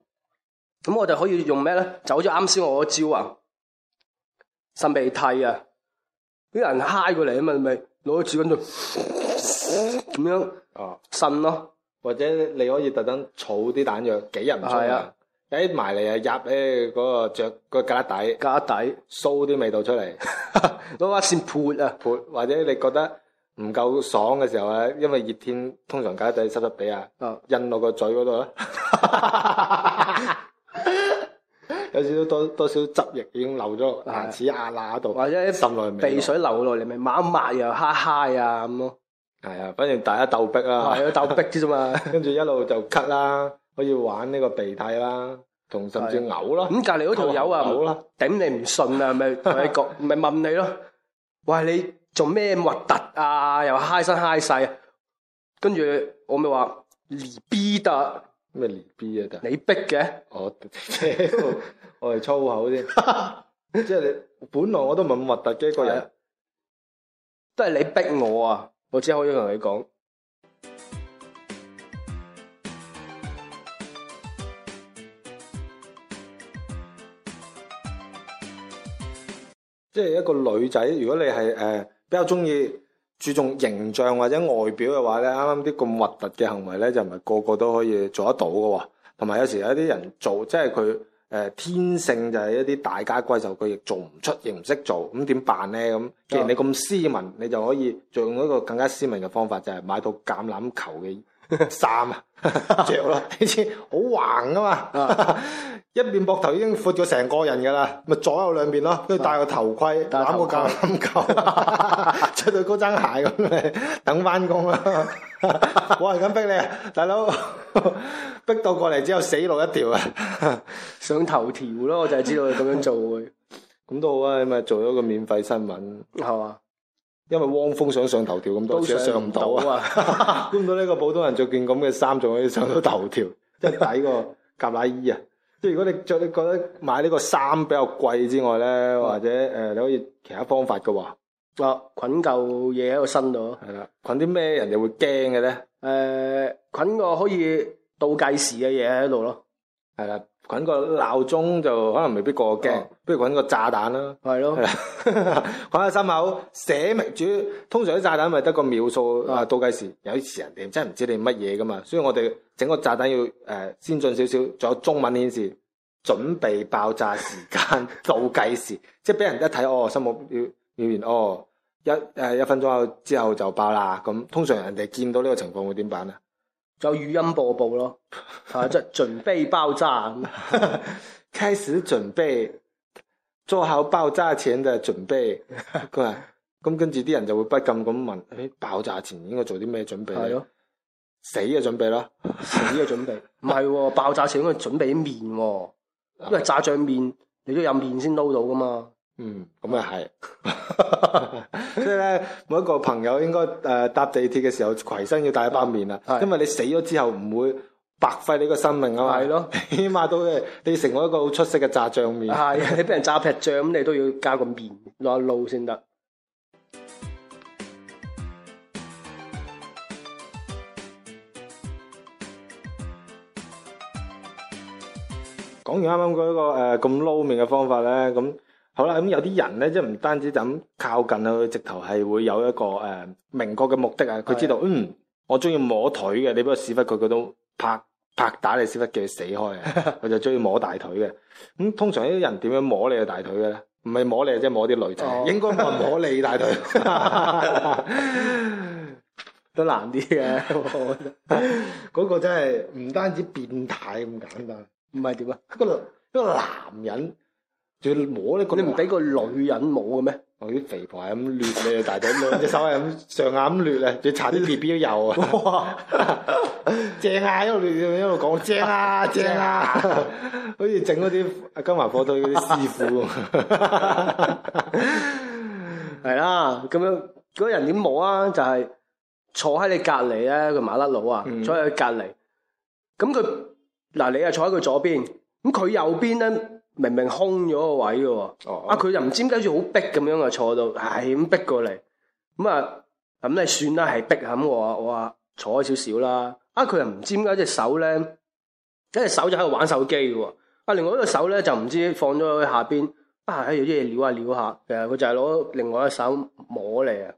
[SPEAKER 1] 咁我就可以用咩咧？就好似啱先我嘅招啊，伸鼻涕啊，啲人嗨過嚟啊嘛，咪攞住跟住咁樣，樣、啊、哦，滲咯，或者你可以特登儲啲彈藥，幾日唔沖啊，喺埋嚟啊，入咧嗰個着、那個架底架底，蘇啲底味道出嚟，攞把扇潑啊潑，或者你覺得唔夠爽嘅時候啊，因為熱天通常架底濕濕地啊，嗯、印落個嘴嗰度啦。 少多多少汁液已經流咗牙齒牙罅度，或者滲落鼻水流落嚟，咪抹一抹又揩揩啊咁咯。係啊，反正大家鬥逼啊，鬥逼之咋嘛。跟住一路就咳啦，可以玩呢個鼻涕啦，同甚至嘔啦。咁隔離嗰條友啊，頂你唔順啊，咪喺個咪問你咯。喂，你做咩核突啊？又揩身揩勢，跟住我咪話離逼得咩離逼啊？得你逼嘅，我。我係粗口啫， 即係你本來我都唔係咁核突嘅一個人， 都係你逼我啊！我只可以同你講，即係一個女仔，如果你係誒、呃、比較中意注重形象或者外表嘅話咧，啱啱啲咁核突嘅行為咧，就唔係個個都可以做得到噶，同埋有時有啲人做，即係佢。誒天性就係一啲大家閨秀佢亦做唔出，亦唔識做，咁點辦咧？咁既然你咁斯文，你就可以用一個更加斯文嘅方法，就係、是、買到橄欖球嘅。 三啊，着、啊、 咯，呢次，好橫噶嘛，一面膊頭已經闊咗成個人噶啦，咪左右兩邊咯，跟住戴個頭盔，打個球，出對 高踭鞋咁咪，等返工啦，我係咁逼你，大佬 逼到過嚟之後死路一條啊，上 頭條咯，我就係知道你咁樣做，咁都 好啊，你咪做咗個免費新聞，係嘛、啊。因為汪峰想上頭條咁多，都上唔到啊！估唔到呢、啊、 個普通人著件咁嘅衫，仲可以上到頭條，真係抵喎！夾奶衣啊！即係如果你着你覺得買呢個衫比較貴之外咧，嗯、或者誒、呃、你可以其他方法嘅話。啊，捆嚿嘢喺個身度咯。係啦的，捆啲咩人哋會驚嘅咧？誒、呃，捆個可以倒計時嘅嘢喺度咯。係啦。揾個鬧鐘就可能未必過驚，哦、不如揾個炸彈啦。係咯係啦，講下心口寫明主。通常啲炸彈咪得個秒數啊倒計時，有時人哋真係唔知你乜嘢噶嘛。所以我哋整個炸彈要誒先進少少，仲有中文顯示，準備爆炸時間倒計時，即係俾人一睇哦，心口要要完哦一誒一分鐘之後就爆啦。咁通常人哋見到呢個情況會點辦啊？就語音播報咯，啊，即準備爆炸， 開始準備，做好爆炸前的準備。佢話咁跟住啲人就會不禁咁問：，誒、哎，爆炸前應該做啲咩準備？的死嘅準備啦， 死嘅準備。唔係、 哦，爆炸前應該準備啲麵、哦，因為炸醬麵你都有麵先撈到噶嘛。嗯，咁啊係，所以咧，每一個朋友應該誒、呃、搭地鐵嘅時候，攰身要帶一包麵啦，因為你死咗之後唔會白費你個生命啊嘛，係咯的，起碼都你成為一個好出色嘅炸醬麵，係你俾人炸劈撇醬，咁 你都要加個麵落去撈先得。講完啱啱嗰一個誒咁撈麵嘅方法咧，咁、嗯。好啦，咁有啲人咧，即係唔單止就咁靠近佢，直頭係會有一個誒、呃、明確嘅目的啊。佢知道，的嗯，我中意摸腿嘅。你俾個屎忽佢，佢都拍拍打你屎忽，嘅死開啊！佢就中意摸大腿嘅。咁、嗯、通常呢啲人點樣摸你嘅大腿嘅咧？唔係摸你，即係摸啲女仔。哦、應該唔摸你大腿， 都難啲嘅。嗰、個真係唔單止變態咁簡單，唔係點啊？一、個一、個男人。仲要摸咧？你唔俾個女人摸嘅咩？我啲肥婆係咁掠咧，你大腿兩隻手係咁上下咁掠哇 啊！仲擦啲 BB 油都有啊！正啊！一路一路講正啊正啊！好似整嗰啲金華火腿嗰啲師傅，係 啦。咁樣嗰人點摸啊？就係、是、坐喺你隔離咧，個馬甩佬啊，坐喺佢隔離。咁佢嗱，你啊坐喺佢左邊，咁佢右邊咧。明明空咗個位嘅、哦，哦、啊佢又唔知點解好似好逼咁樣啊坐到，係咁、哦啊、逼過嚟，咁啊咁你算啦，係逼咁我話我話坐少少啦，啊佢、啊啊、又唔知點解隻手咧，隻手就喺度玩手機嘅，啊另外一隻手咧就唔知放咗去下邊，啊喺度啲嘢撩下撩下嘅，佢、啊啊啊、就係攞另外一手摸你啊，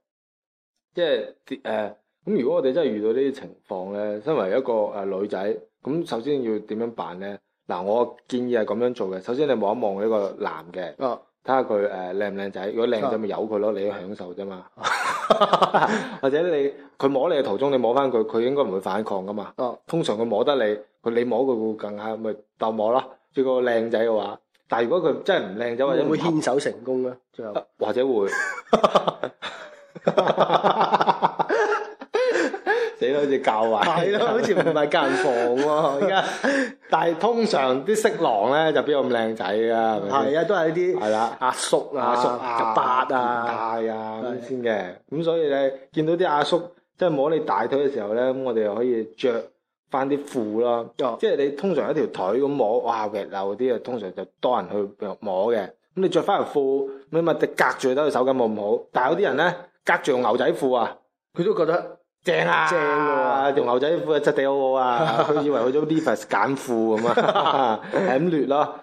[SPEAKER 1] 即係誒咁如果我哋真係遇到呢啲情況咧，身為一個誒女仔，咁首先要點樣辦咧？嗱，我建議係咁樣做嘅。首先你望一望呢個男嘅，睇下佢誒靚唔靚仔。如果靚仔咪由佢咯，你享受啫嘛。 或者你佢摸你嘅途中，你摸翻佢，佢應該唔會反抗噶嘛。啊、通常佢摸得你，佢你摸佢會更加，咪鬥摸啦。如果靚仔嘅話，但係如果佢真係唔靚仔或者，會，會牽手成功咧？最後或者會。 好似教壞，係咯，好似唔係間房喎。而家， 但係通常啲色狼咧就邊有咁靚仔噶？係啊，都係啲阿叔啊、阿叔阿伯啊、阿太啊咁先嘅。咁所以咧，見到啲阿叔即係摸你大腿嘅時候咧，咁我哋又可以着翻啲褲咯。哦、即係你通常一條腿咁摸，哇，滑溜啲啊，通常就多人去摸嘅。咁你着翻條褲，咁咪就隔住得佢手感好唔好？但係有啲人咧，的隔住牛仔褲啊，佢都覺得。正啊，用牛仔褲質地好好啊！佢以為佢咗 Lipas 揀褲咁啊，咁劣咯，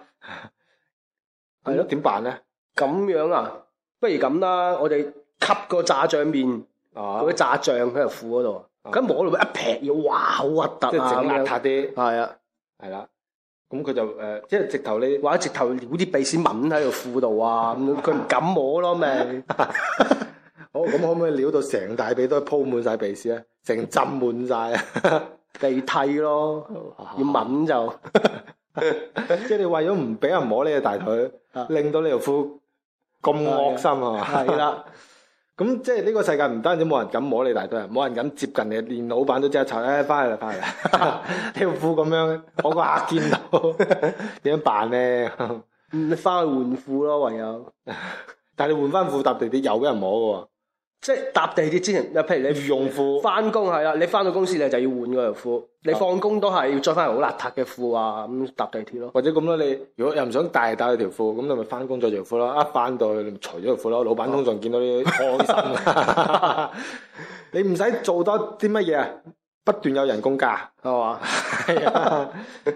[SPEAKER 1] 係咯？點辦咧？咁樣啊，不如咁啦，我哋吸個炸醬麵，嗰啲炸醬喺度褲嗰度，咁摸到咪一劈嘢，哇，好核突啊！即係整邋遢啲，係啊，係啦，咁佢就誒，即係直頭你或者直頭撩啲鼻屎抌喺條褲度啊，咁佢唔敢摸咯，咪。咁 可唔可以撩到成大髀都鋪滿晒鼻屎咧？成浸滿晒，鼻涕咯，要抿就， 即係你為咗唔俾人摸你嘅大腿， 令到呢條褲咁惡心係嘛？係啦，咁即係呢個世界唔單止冇人敢摸你大腿，冇人敢接近你，連老闆都即刻嘈，誒，翻嚟啦，翻嚟啦，條褲咁樣，我個客見到點 樣辦咧？你翻去換褲咯，唯有。但係你換翻褲，搭地鐵又俾人摸喎。即係搭地鐵之前，啊，譬如你羽絨褲翻工係啦，你翻到公司你就要換嗰條褲，你放工都係要着翻好邋遢嘅褲啊，咁搭地鐵咯。或者咁咯，你如果又唔想帶著帶條褲，咁你咪翻工着條褲咯。啊、一翻到去，除咗條褲咯，老闆通常見到你開心。 你唔使做多啲乜嘢，不斷有人工加，係嘛 是吧？係啊。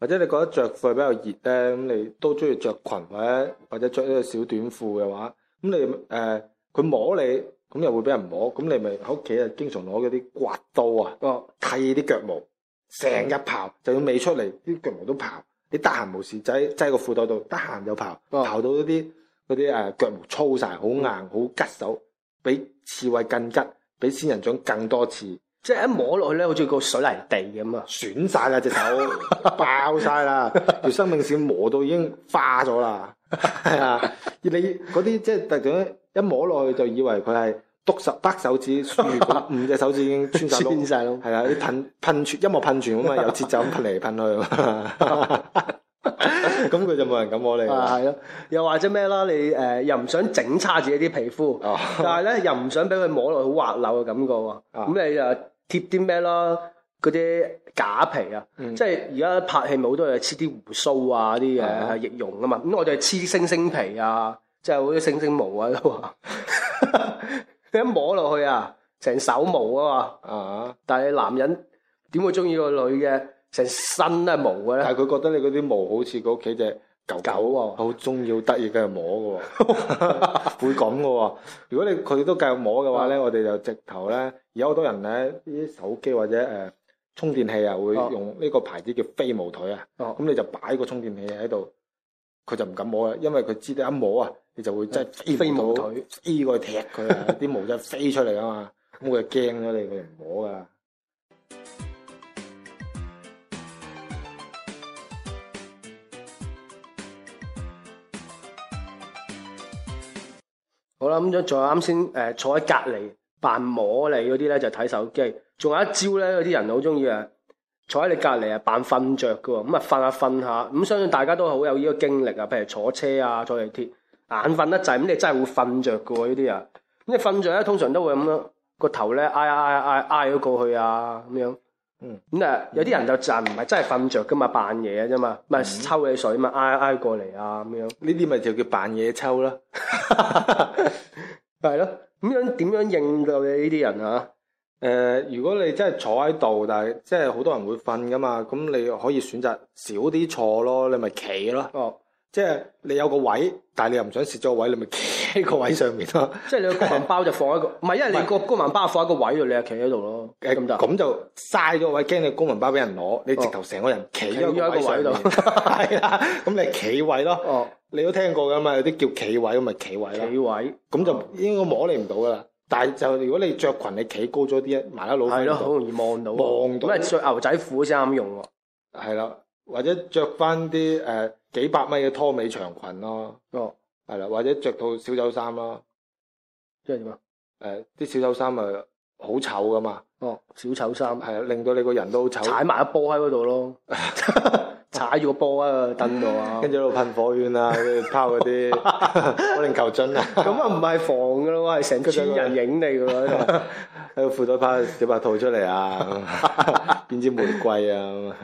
[SPEAKER 1] 或者你覺得着褲比較熱咧，咁你都中意着裙或者或者著呢個小短褲嘅話，咁你誒佢、呃、摸你，咁又會俾人摸，咁你咪喺屋企啊，經常攞嗰啲刮刀啊，剃啲腳毛，成日刨，就算未出嚟啲腳毛都刨。你得閒無事，仔，擠個褲袋度，得閒就刨，刨到嗰啲啲誒腳毛粗晒，好硬，好吉、嗯、手，比刺蝟更吉，比仙人掌更多刺。即係一摸落去咧，好似個水泥地咁啊！損晒啦隻手，爆晒啦條生命線，磨到已經花咗啦，係啊！ 而你嗰啲即係突然一摸落去就以為佢係篤十得手指，五隻手指已經穿穿晒咯，係啊 了！你噴噴，噴，噴，噴，噴噴泉，音樂噴泉咁啊，有節奏咁噴嚟噴去。噴噴噴 咁 佢就冇人敢摸你係咯、啊，又或者咩啦？你誒、呃、又唔想整差自己啲皮膚，oh. 但係咧又唔想俾佢摸落去好滑溜嘅感覺。咁、oh. 你又貼啲咩啦？嗰啲假皮、mm. 啊，即係而家拍戲冇好多係黐啲鬍鬚啊啲嘢係易容噶嘛。咁我就黐星星皮啊，即係好似星星毛啊都 啊。你一摸落去啊，成手毛啊嘛。啊！但係男人點會中意個女嘅？成身都係毛嘅咧，但係佢覺得你嗰啲毛好似佢屋企隻狗，狗好中意、得意咁嚟摸嘅， 會咁嘅。如果你佢都繼續摸嘅話咧，嗯、我哋就直頭咧，而家好多人咧，啲手機或者誒、呃、充電器啊，會用呢個牌子叫飛毛腿啊。哦、嗯。咁你就擺個充電器喺度，佢就唔敢摸啦，因為佢知道一摸啊，你就會真係飛，飛毛腿，飛過去踢佢啊，啲毛就飛出嚟啊嘛。咁佢驚咗你，佢唔摸噶。好啦，咁仲有啱先，誒、呃、坐喺隔離扮摸你嗰啲咧，就睇、是、手機。仲有一招咧，嗰啲人好中意啊，坐喺你隔離啊，扮瞓着嘅喎。咁啊，瞓下瞓下。咁相信大家都好有呢個經歷啊，譬如坐車啊，坐地鐵，眼瞓得滯，咁你真係會瞓着嘅呢啲啊。咁你瞓着咧，通常都會咁樣個頭咧，挨挨挨挨咗過去啊，咁樣。嗯，咁啊、嗯，有啲人就真、嗯、就唔係真係瞓着噶嘛，扮嘢啫嘛，咪抽你水嘛，挨挨過嚟啊咁樣，呢啲咪就叫扮嘢抽咯，係咯。咁樣點樣應對呢啲人啊？誒，如果你真係坐喺度，但係即係好多人會瞓噶嘛，咁你可以選擇少啲坐咯，你咪企咯。哦即係你有個位，但係你又唔想蝕咗個位，你咪企喺個位上面咯。即係你個公文包就放喺個，唔係，因為你個公文包放喺個位度，你係企喺度咯。誒，咁就嘥咗位，驚你公文包俾人攞，你直頭成個人企咗喺個位度，係啦，咁你企位咯。哦，你都聽過噶嘛？有啲叫企位，咁咪企位咯。企位，咁就應該摸你唔到噶啦。但係就如果你着裙，你企高咗啲，麻甩佬，褲度，好容易望到。望到，因為着牛仔褲先啱用喎。係啦。或者着翻啲誒幾百米嘅拖尾長裙咯，哦，係啦，或者着套小丑衫咯。即係點啊？誒，啲小丑衫咪好醜噶嘛！哦，小丑衫係啊，令到你個人都醜。踩埋一波喺嗰度咯，踩住個波啊，凳度啊。跟住喺度噴火圈啊，跟住拋嗰啲可能求樽啊。咁啊，唔係防噶咯，係成個人影嚟噶喎。喺個褲袋拋小白兔出嚟啊，變支玫瑰啊。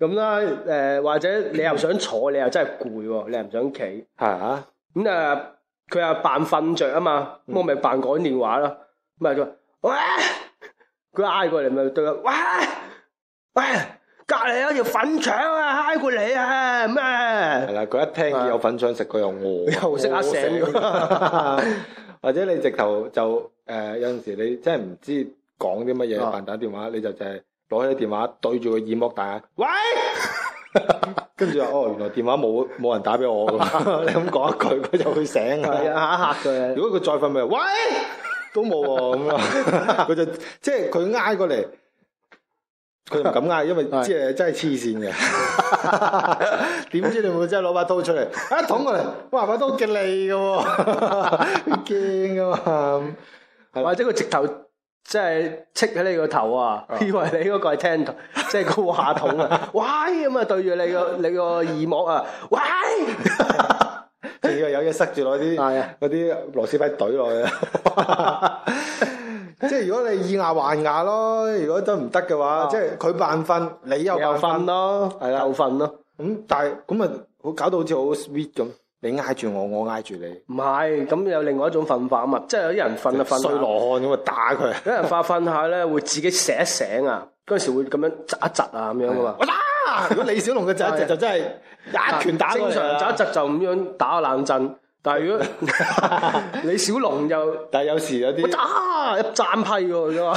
[SPEAKER 1] 咁啦，誒、嗯、或者你又想坐，你又真係攰喎，你又唔想企。係啊，咁啊，佢又扮瞓着啊嘛，咁我咪扮講電話咯。咪佢，喂，佢嗌過嚟咪對，喂，喂，隔離有條粉腸啊，挨過你啊，咩！」啊。係啦，佢一聽見有粉腸食，佢的又餓。又食阿醒或者你直頭就誒、呃、有陣時你真係唔知講啲乜嘢扮打電話，你就淨係。攞起電話對住個耳膜大，喂，跟住話哦，原來電話冇冇人打俾我咁， 你咁講一句，佢就會醒，吓吓佢。如果佢再瞓咪，喂， 都冇咁樣，佢就即係佢嗌過嚟，佢唔敢嗌，因為,是因為即係真係黐線嘅，點 知你會,唔會真係攞把刀出嚟，一、啊、捅過嚟，哇把刀勁利嘅，驚啊嘛，或者佢直頭。即係戚喺你個頭啊，以為你嗰個係聽筒，即係個話筒啊，喂咁啊對住你個你個耳膜啊，喂，仲要係有嘢塞住攞啲，係啊，啲螺絲批懟落去，啊？ 即係如果你以牙還牙咯，如果都唔得嘅話， 即係佢扮瞓，你又瞓咯，係啦，又瞓咯，咁、嗯、但係咁啊，搞到好似好 sweet 咁。你挨住我，我挨住你。唔係，咁有另外一種訓法啊嘛，即係有啲人訓就訓睡羅漢咁啊，打佢。有人發訓下咧，會自己醒一醒啊，嗰陣時會咁樣窒一窒啊，咁樣啊嘛。我打！如果李小龍嘅窒一窒就真係一拳打 正常窒一窒就咁樣打冷震，但係如果 李小龍又…… 但係有時有啲我打一踭批佢啫嘛。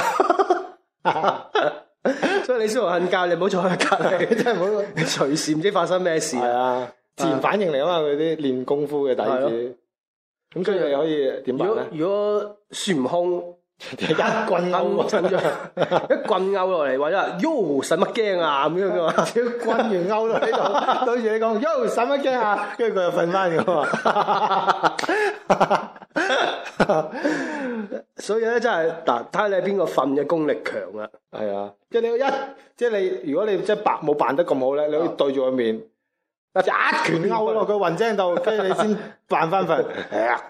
[SPEAKER 1] 啊、 所以李小龍瞓覺你唔好坐喺隔離， 真係唔好。你隨時唔知發生咩事 啊。自然反應嚟啊嘛！佢啲練功夫嘅弟子，咁所以又可以點辦咧？如果孫悟空一棍勾翻出嚟，一棍勾落嚟，或者話，呦，使乜驚啊？咁樣嘅話，只要棍完勾到喺度，對住你講，呦，使乜驚啊？跟住佢就瞓翻咁啊！所以呢，真係嗱，睇你邊個瞓嘅功力強啊！係啊，即係你一，即係你，如果你即係扮冇扮得咁好咧，你可以對住佢面。一拳勾落佢暈僵度，跟住你先扮翻份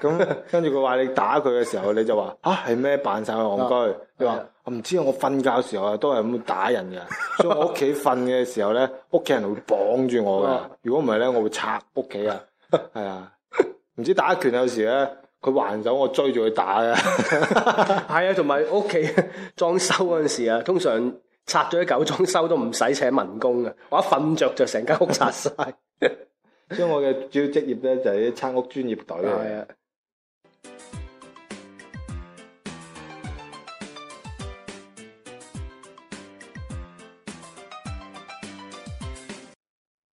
[SPEAKER 1] 咁，跟住佢話你打佢嘅時候，你就話吓係咩扮晒戇居？佢話我唔知啊？說的我瞓覺嘅時候都係咁打人嘅， 所以我屋企瞓嘅時候咧，屋企人會綁住我嘅。如果唔係咧，我會拆屋企啊。係啊的，唔 知打拳有時咧，佢還手我追住佢打嘅。係 啊， 同埋屋企裝修嗰陣時啊，通常拆咗啲狗裝修都唔使請民工嘅，我一瞓着就成間屋拆晒。 所 我嘅主要職業咧就係啲餐屋專業隊啦。係啊，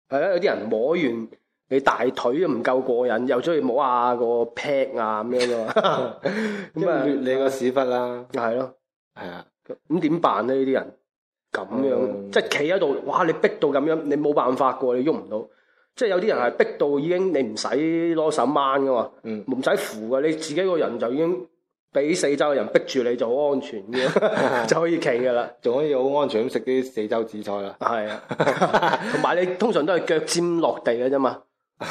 [SPEAKER 1] 係啊。有啲人摸完你大腿唔夠過癮，又中意摸下個劈啊，咁噶嘛？咁啊，你個屎忽啦。係咯，係啊。咁點辦咧？呢啲人咁樣， 樣嗯、即係企喺度，哇！你逼到咁樣，你冇辦法噶，你喐唔到。即係有啲人係逼到已經你唔使攞手掹，噶嘛，唔使、嗯、扶噶，你自己個人就已經俾四周嘅人逼住你就好安全， 就可以企噶啦，仲可以好安全咁食啲四周紫菜啦。係啊，同埋 你通常都係腳尖落地嘅啫嘛，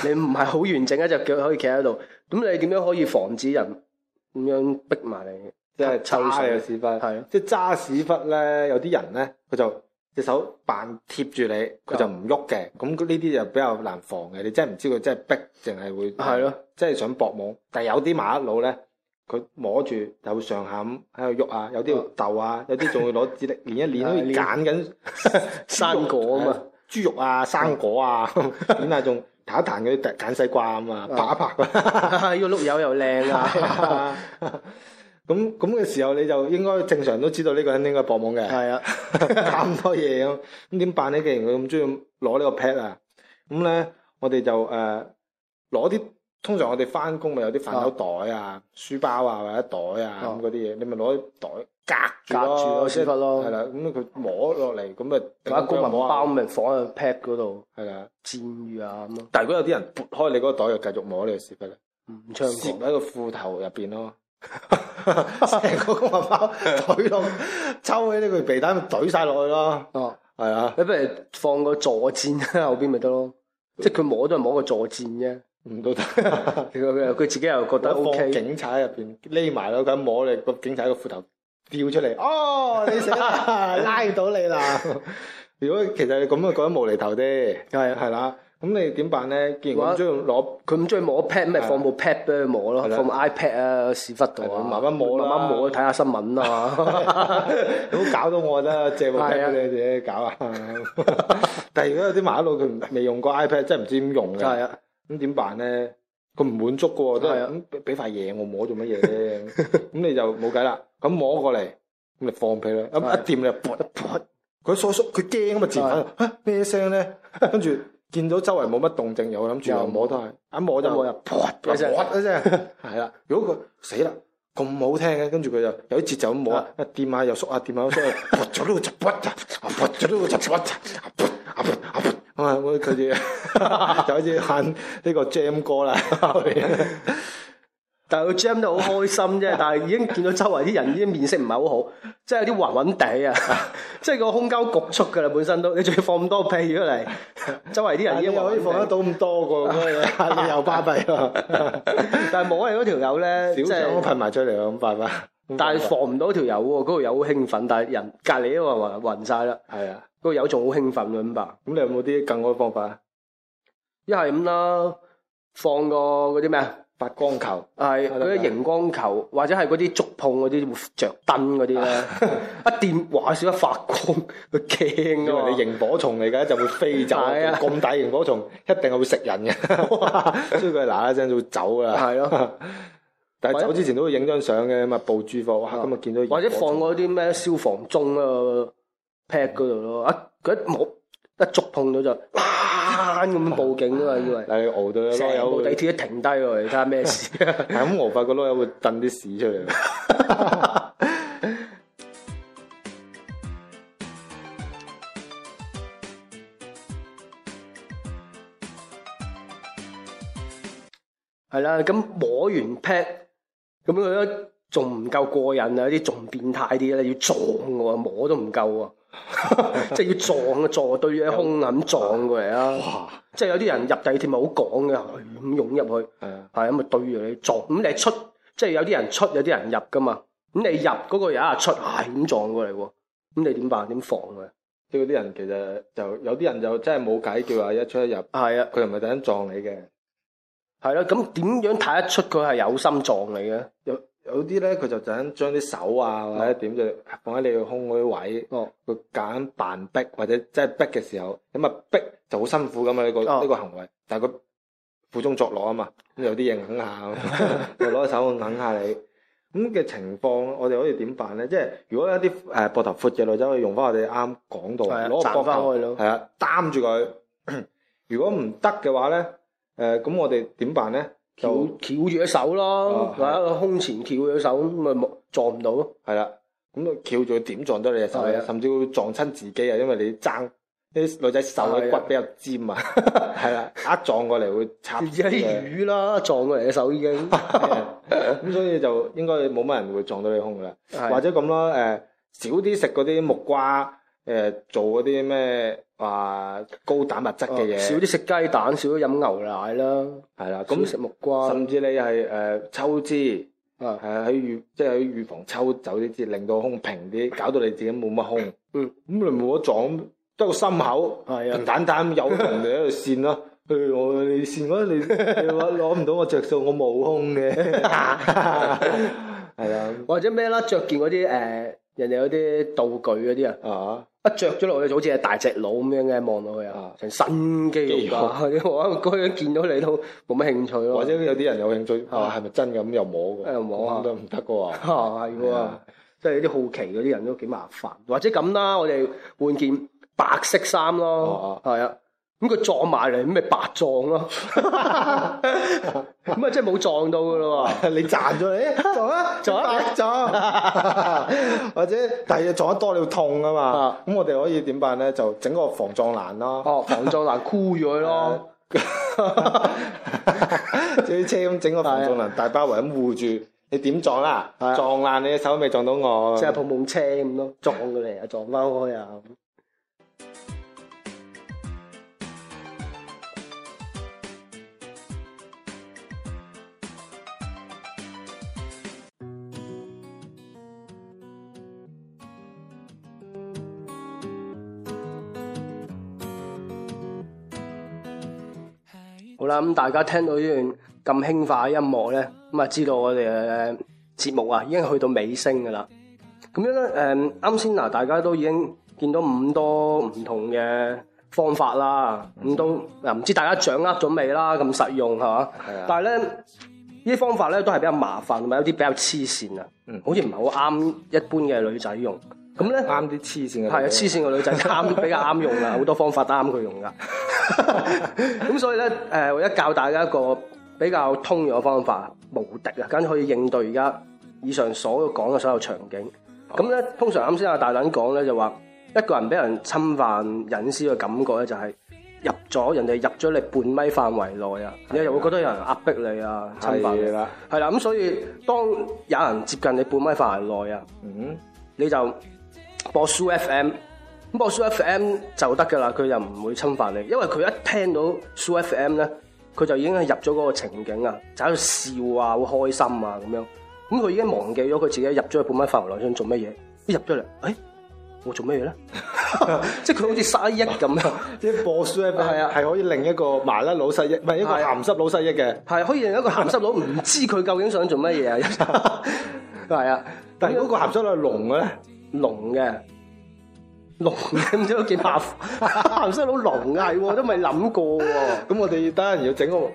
[SPEAKER 1] 你唔係好完整一隻腳可以企喺度，咁你點樣可以防止人咁樣逼埋你？即係揸屎忽，係咯，即係揸屎忽咧，有啲人咧佢就。隻手扮貼住你，佢就唔喐嘅，咁呢啲就比較難防嘅。你真係唔知佢真係逼，淨係會係咯，真係想搏網。但係有啲麻甩佬咧，佢摸住就上下咁喺度喐啊，有啲喺度鬥啊，有啲仲會攞指力練一練好似揀緊生果啊嘛，豬肉啊、生果啊，點解仲彈一彈佢揀西瓜啊嘛，拍一拍呢個碌柚又靚啊！咁咁嘅時候你就應該正常都知道呢個人應該搏懵嘅，係啊，搞咁多嘢咁，咁點辦咧？既然佢咁中意攞呢個 pad 啊，咁咧我哋就誒攞啲通常我哋翻工咪有啲飯兜袋啊、書包啊或者袋啊咁嗰啲嘢，你咪攞啲袋夾住咯，屎忽咯，係啦，咁佢摸落嚟咁咪攞個公文包咪放喺 pad 嗰度，係啦，遮住啊咁咯。但係如果有啲人撥開你嗰個袋就繼續摸你個屎忽咧，唔猖狂，喺個褲頭入邊咯。成 個公文包懟落，抽起啲佢被單懟晒落去咯。哦，係啊的，你不如放個坐墊喺後邊咪得咯。即係佢摸都係摸個坐墊啫。唔都得，佢 佢自己又覺得、OK、警察喺入邊匿埋咯，咁摸你個警察個褲頭跳出嚟。哦，你死拉到你啦。 如果其實你咁樣，覺得無厘頭啲，梗係係啦。咁你點辦咧？既然佢唔中意攞，佢唔中意摸 pad，咁咪放部 pad 俾佢摸咯，放 iPad 啊，屎忽度啊，慢慢摸，慢慢摸，睇下新聞啊，咁搞到我覺得借部俾你自己搞啊！但係如果有啲馬路，佢未用過 iPad，真係唔知點用嘅。咁點辦咧？佢唔滿足嘅喎，都係俾塊嘢我摸做乜嘢咧？咁你就冇計啦。咁摸過嚟，咁咪放屁啦。咁一掂你，一撥，佢縮縮，佢驚咁啊，自翻咩聲咧？跟住。見到周圍冇乜動靜，又諗住又摸都係， 一摸就摸入，噗一聲，一聲，係啦。如果佢死啦，咁好聽嘅，跟住佢就有啲節奏咁摸啊，一掂下又縮啊掂下，即係噗左碌就噗呀，噗左碌就噗呀，噗啊噗啊噗，咁啊我佢哋又開始喊呢個 Jam 哥啦。 但係佢 jam 得好開心啫，但係已經見到周圍啲人已經面色唔係好好，即係有啲暈暈地啊！即係個空間局促噶啦，本身都你仲要放咁多屁出嚟，周圍啲人已經可以放得到咁多個咁樣，又巴閉。但係冇啊！嗰條友咧，即係噴埋出嚟咁辦嘛？但係放唔到條友喎，嗰個友好興奮，但係人隔籬啊嘛暈晒啦，係啊，嗰個友仲好興奮咁辦？咁你有冇啲更好方法啊？一係咁啦，放個嗰啲咩啊？發光球係嗰啲熒光球，或者係嗰啲觸碰嗰啲着燈嗰啲咧， 一電話少一發光，佢驚、啊、因為你螢火蟲嚟嘅，就會飛走。咁、啊、大螢火蟲一定係會食人嘅， 所以佢嗱嗱聲就會走噶啦。係咯的，但係走之前都會影張相嘅，咁啊報住戶。哇！今日見到 或者放嗰啲咩消防鐘啊 pad 嗰度咯，一嗰冇。一觸碰到就，咁報警噶嘛以為，成部地鐵都停低落嚟，睇下咩事？咁我發覺碌友會掟啲屎出嚟。係啦，咁摸完 pad，咁佢咧仲唔夠過癮啊？啲仲變態啲咧，要撞噶喎，摸都唔夠啊。 即係要撞啊撞啊，對住啲空啊咁撞過嚟啊！哇！ 即係有啲人入地鐵咪好講嘅，咁湧入去，係咁咪對住你撞。咁你出，即係有啲人出，有啲人入噶嘛。咁你入嗰、嗰個人啊出啊，咁撞過嚟喎、啊。咁你點辦？點防啊？啲嗰啲人其實就有啲人就真係冇計叫話，一出一入，係啊 的，佢又唔係突然撞你嘅。係咯，咁點樣睇得出佢係有心撞你嘅？有啲咧，佢就就咁將啲手啊，或者點就放喺你個胸嗰啲位，佢揀扮逼或者即係逼嘅時候，咁啊逼就好辛苦咁啊呢個呢、哦、個行為，但係佢苦中作樂啊嘛，咁有啲嘢揞下，攞 手肯下你，咁嘅情況我哋可以點辦咧？即係如果有一啲誒膊頭闊嘅女仔，可以用翻我哋啱講到攔翻開咯，係啊擔住佢。如果唔得嘅話咧，誒、呃、咁我哋點辦咧？就翹住隻手咯，啊、或者個胸前翹住隻手咁咪撞唔到咯，係啦，咁啊翹住佢點撞得你隻手啊？甚至會撞親自己啊，因為你爭啲女仔手嘅骨比較尖啊，係啦的，一 撞過嚟會插住啲魚啦，撞過嚟隻手已經，咁 所以就應該冇乜人會撞到你胸噶啦，的 或者咁咯，誒少啲食嗰啲木瓜。誒，做嗰啲咩話高蛋白質嘅嘢，少啲食雞蛋，少啲飲牛奶啦，係啦、mm，咁食木瓜，甚至你係誒抽脂，啊，係啊，喺預即係喺預防抽走啲脂，令到胸平啲，搞到你自己冇乜胸，咁你冇得撞，得個心口，係啊，平淡淡有同你喺度線咯，我你線嗰你你攞唔到我着數，我冇胸嘅，係啦，或者咩啦，着件嗰啲誒。人哋有啲道具嗰啲啊，一着咗落去就好似係大隻佬咁樣嘅，望落去，啊，成身肌肉，我喺個區見到你都冇乜興趣咯。或者有啲人有興趣，啊係咪真嘅咁又摸嘅，咁、嗯、都唔得噶喎。係喎、啊，即係的有啲好奇嗰啲人都幾麻煩。或者咁啦，我哋換件白色衫咯，係啊。咁佢撞埋嚟，咁咪白撞咯。咁啊，即係冇撞到噶咯。 你賺咗你撞啊撞啊吧白撞！ 或者，第日撞得多你痛啊嘛。咁 我哋可以點辦咧？就整個防撞欄咯、哦，防撞欄箍住佢咯。啲 車咁整個防撞欄、啊、大包圍咁護住，你點撞啊？撞爛你隻手都未撞到我，即係碰碰車咁咯，撞過嚟啊，撞翻開啊！咁大家聽到呢段咁輕快嘅音樂咧，咁啊知道我哋嘅節目啊已經去到尾聲噶啦。咁樣咧，誒啱先嗱，大家都已經見到咁多唔同嘅方法啦。咁都啊唔知大家掌握咗未啦？咁實用係嘛？係啊的。但係咧，呢啲方法咧都係比較麻煩，同埋有啲比較黐線啊，好似唔係好啱一般嘅女仔用。咁咧啱啲黐線嘅係啊，黐線個女仔啱、嗯、比較啱用啦，好 多方法都啱佢用噶。咁 所以咧，誒、呃、為咗教大家一個比較通用嘅方法，無敵啊，跟住可以應對而家以上所講嘅所有場景。咁咧好通常啱先阿大膽講咧就話，一個人俾人侵犯隱私嘅感覺咧就係入咗人哋入咗你半米範圍內啊，的你又會覺得有人壓迫你啊，侵犯你啦。係啦的，咁所以當有人接近你半米範圍內啊，嗯，你就，播蘇 FM，咁播蘇 FM 就得嘅啦，佢又唔會侵犯你，因為佢一聽到蘇 FM 咧，佢就已經係入咗嗰個情景啊，就喺度笑啊，會開心啊咁樣，咁佢已經忘記咗佢自己入咗去半分鐘範圍內想做乜嘢，一入咗嚟，誒、欸，我做乜嘢咧？ 即係佢好似失憶咁樣，即係播蘇 FM 係啊，係可以令一個麻甩佬失憶，唔係、啊、一個鹹濕佬失憶嘅，係、啊、可以令一個鹹濕佬唔知佢究竟想做乜嘢啊，係啊，但係嗰個鹹濕佬係聾嘅咧。龍嘅龍嘅，咁樣都幾麻煩，唔識到龍係都未諗過喎。咁我哋當然要整個誒，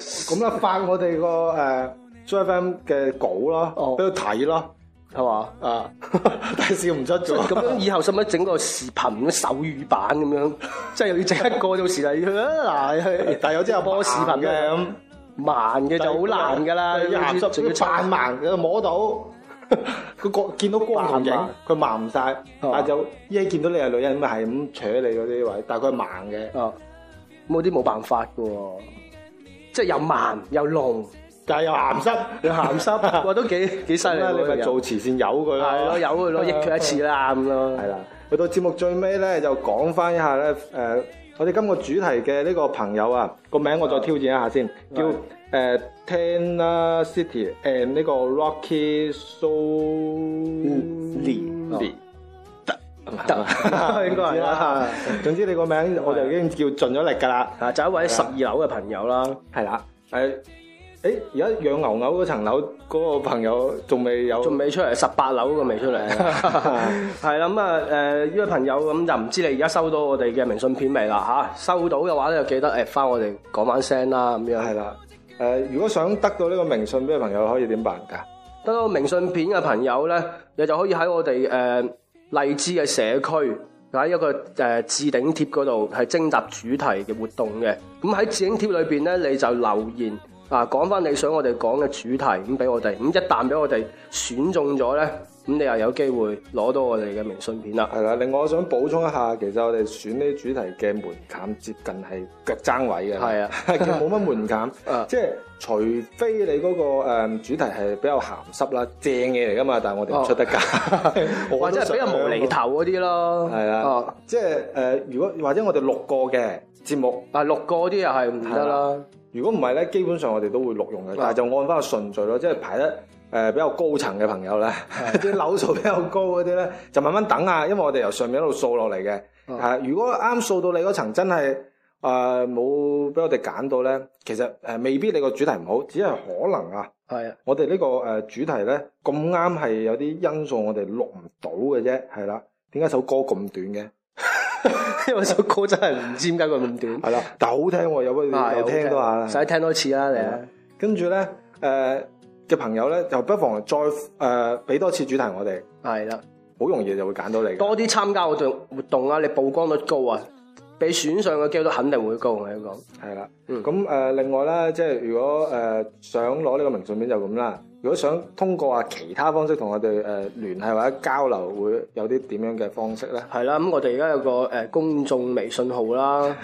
[SPEAKER 1] 咁啊發我哋個誒 SooFM 嘅稿啦，俾度睇啦，係嘛啊？但係笑唔出咗。咁以後使唔使整個視頻手語版咁樣？即係又要整一個到時嚟嗱，但係我真係幫我視頻嘅咁，慢嘅就好難噶啦，仲要扮慢，你又摸到。佢見見到光同影，佢盲唔晒，但係就一見到你係女人咁，係咁扯你嗰啲位，但係佢係盲嘅，冇啲冇辦法嘅，即係又盲又聾，但係又鹹濕，又鹹濕，哇都幾幾犀利啊！你咪做慈善油佢咯，係咯，油佢咯，益佢一次啦咁咯，係啦，去到節目最尾咧就講翻一下咧誒。我哋今個主題嘅呢個朋友啊，個名我再挑戰一下先，叫誒 Right.、呃、Tenacity 誒呢個 Rock Solid 得得，hmm. oh. 應該係啦。 總之你個名我就已經叫盡咗力㗎啦。嗱， 就一位十二樓嘅朋友啦，係啦的，誒。誒，而家養牛牛嗰層樓嗰個朋友仲未有，仲未出嚟，十八樓嘅未出嚟，係啦。咁啊，誒，呢位朋友咁就唔知你而家收到我哋嘅明信片未啦？吓，收到嘅話咧，就記得誒，翻我哋講翻聲啦，咁樣係啦。誒，如果想得到呢個明信片嘅朋友可以點辦噶？得到明信片嘅朋友咧，你就可以喺我哋誒荔枝嘅社區，喺一個誒置頂貼嗰度係徵集主題嘅活動嘅。咁喺置頂貼裡邊咧，你就留言。啊，講翻你想我哋講嘅主題咁俾我哋，咁一旦俾我哋選中咗咧，咁你又有機會攞到我哋嘅明信片啦。係啦，另外我想補充一下，其實我哋選呢主題嘅門檻接近係腳爭位嘅，係啊的，冇乜門檻，的即係除非你嗰、那個、嗯、主題係比較鹹濕啦，正嘢嚟噶嘛，但係我哋唔出得價，啊、 或者係比較無厘頭嗰啲咯，係的啊，即係誒，如、呃、果或者我哋錄過嘅節目，啊錄過嗰啲又係唔得啦。如果唔係咧，基本上我哋都會錄用嘅，但係就按翻個順序咯，即係排得誒、呃、比較高層嘅朋友咧，啲樓數比較高嗰啲咧，就慢慢等啊。因為我哋由上面一路掃落嚟嘅。啊，啊，如果啱掃到你嗰層真係誒冇俾我哋揀到咧，其實誒、呃、未必你個主題唔好，只係可能啊。係啊是的、這個，我哋呢個誒主題咧咁啱係有啲因素我哋錄唔到嘅啫，係啦。點解首歌咁短嘅？ 因為首歌真係唔知點解佢咁短，係啦，但好聽喎、哦，有不、啊、有聽都啦，使聽多次啦，嚟、嗯，跟住咧，誒、呃、嘅朋友咧，就不妨再誒俾、呃、多次主題我哋，係啦了，好容易就會揀到你，多啲參加我哋活動啦、啊，你曝光率高啊，俾選上嘅幾率肯定會高啊，呢個係啦，咁誒、嗯呃、另外咧，即係如果誒、呃、想攞呢個明信片就咁啦。如果想通過啊其他方式同我哋誒聯繫或者交流，會有啲點樣嘅方式咧？係啦，咁我哋而家有個誒公眾微信號啦，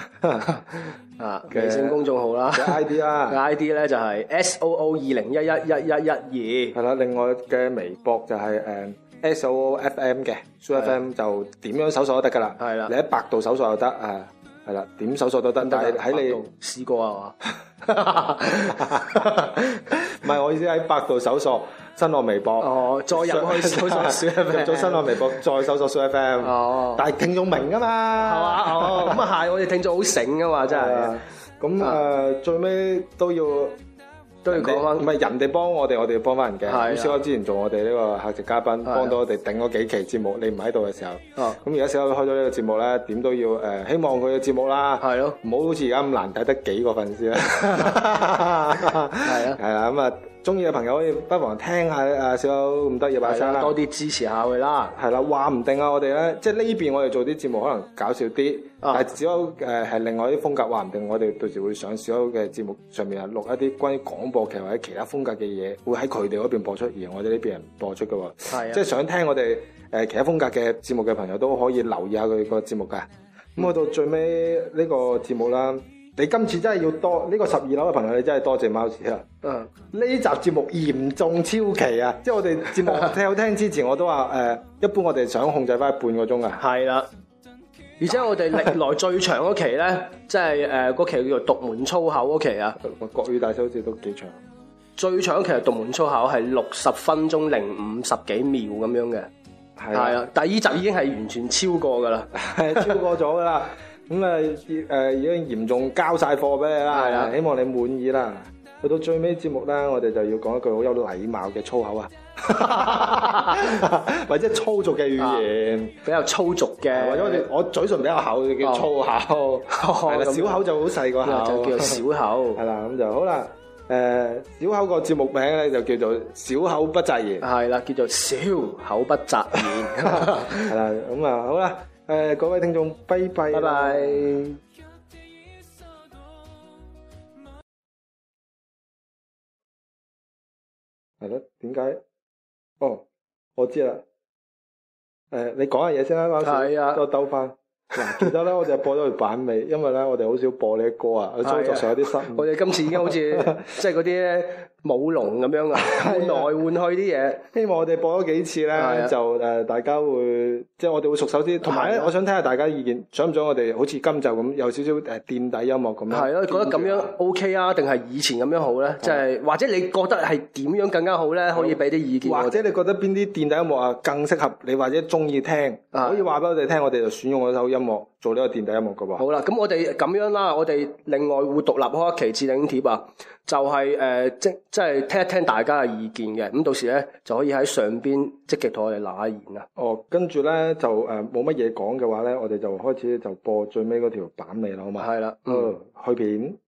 [SPEAKER 1] 啊，微信公眾號啦，ID 啦，ID 咧就係 S O O 二零一一一一一二，係啦，另外嘅微博就係誒 S O O F M 嘅，S O O F M 就點樣搜索都得噶啦，係啦，你喺百度搜索就得啊。係啦，點搜索都得，但係喺你度試過啊嘛？唔係我意思喺百度搜索新浪微博，哦，再入去搜索 SooFM，再 新浪微博再搜索 SooFM。哦，但係聽眾明噶嘛？係嘛？咁啊係，我哋聽眾好醒噶嘛？真係，咁誒最尾都要。都要講翻，唔係人哋幫我哋，我哋要幫翻人嘅。咁小開之前做我哋呢個客席嘉賓，啊、幫到我哋頂嗰幾期節目，你唔喺度嘅時候，咁而家小開開咗呢個節目咧，點都要誒、呃，希望佢嘅節目啦，係咯、啊，唔好好似而家咁難睇，得幾個粉絲啦。係 啊，係啊，咁啊。嗯中意嘅朋友可以不妨聽下誒、小友唔得意嘅把聲啦，多啲支持下佢啦。係啦，話唔定啊，我哋咧，即係呢邊我哋做啲節目可能搞笑啲，啊、但係小友誒、係另外啲風格，話唔定我哋到時會上小友嘅節目上面啊，錄一啲關於廣播劇或者其他風格嘅嘢，會喺佢哋嗰邊播出而我哋呢邊人播出嘅喎。係的，即係想聽我哋誒、其他風格嘅節目嘅朋友都可以留意下佢個節目㗎。咁去、嗯、到最尾呢個節目啦。你今次真係要多呢、這個十二樓嘅朋友，你真係多謝貓子。啦！嗯，呢集節目嚴重超期啊！即係我哋節目聽好 聽之前，我都話誒、呃，一般我哋想控制翻半個鐘啊，係啦，而且我哋歷來最長嗰期咧， 即係誒、呃、期叫做獨門粗口嗰期啊。國語大修節都幾長？最長嘅期獨門粗口係六十分鐘零五十幾秒咁樣嘅。係啦、啊，但係呢集已經係完全超過㗎啦， 超過咗㗎啦。咁啊，誒，已經嚴重交曬貨俾你啦，希望你滿意啦。去到最尾節目咧，我哋就要講一句好有禮貌嘅粗口啊，或者粗俗嘅語言，比較粗俗嘅。或者我我嘴唇比較厚，叫粗口。係啦，小口就好細個口。就叫小口。係啦，咁就好啦。誒，小口個節目名咧就叫做小口不擇言。係啦，叫做小口不擇言。係啦，咁啊，好啦。誒，各位聽眾，拜拜。拜拜 bye。係咯，點解？哦，我知啦。誒、哎，你講下嘢先啦，嗰陣時都兜翻。其實咧，我哋播咗佢版尾， 因為咧我哋好少播呢啲歌啊，操作上有啲失誤。我哋今次已經好似即係嗰啲咧。 舞龍咁樣啊， 換來換去啲嘢。希望我哋播咗幾次咧， 是的 就誒大家會即係我哋會熟手啲。同埋咧，是的 我想聽下大家意見，想唔想我哋好似今集咁有少少誒墊底音樂咁樣？係咯，覺得咁樣 OK 啊？定係以前咁樣好咧？即係或者你覺得係點樣更加好咧？可以俾啲意見。或者你覺得邊啲墊底音樂啊更適合你或者中意聽？是的 可以話俾我哋聽，我哋就選用嗰首音樂做呢個墊底音樂嘅噃。好啦，咁我哋咁樣啦，我哋另外會獨立開一期置頂貼啊。就係、是、誒、呃，即即係聽一聽大家嘅意見嘅，咁到時咧就可以喺上邊積極同我哋留下言啦。哦，跟住咧就誒冇乜嘢講嘅話咧，我哋就開始就播最尾嗰條版嚟啦，好嘛？係啦，嗯，嗯，去片。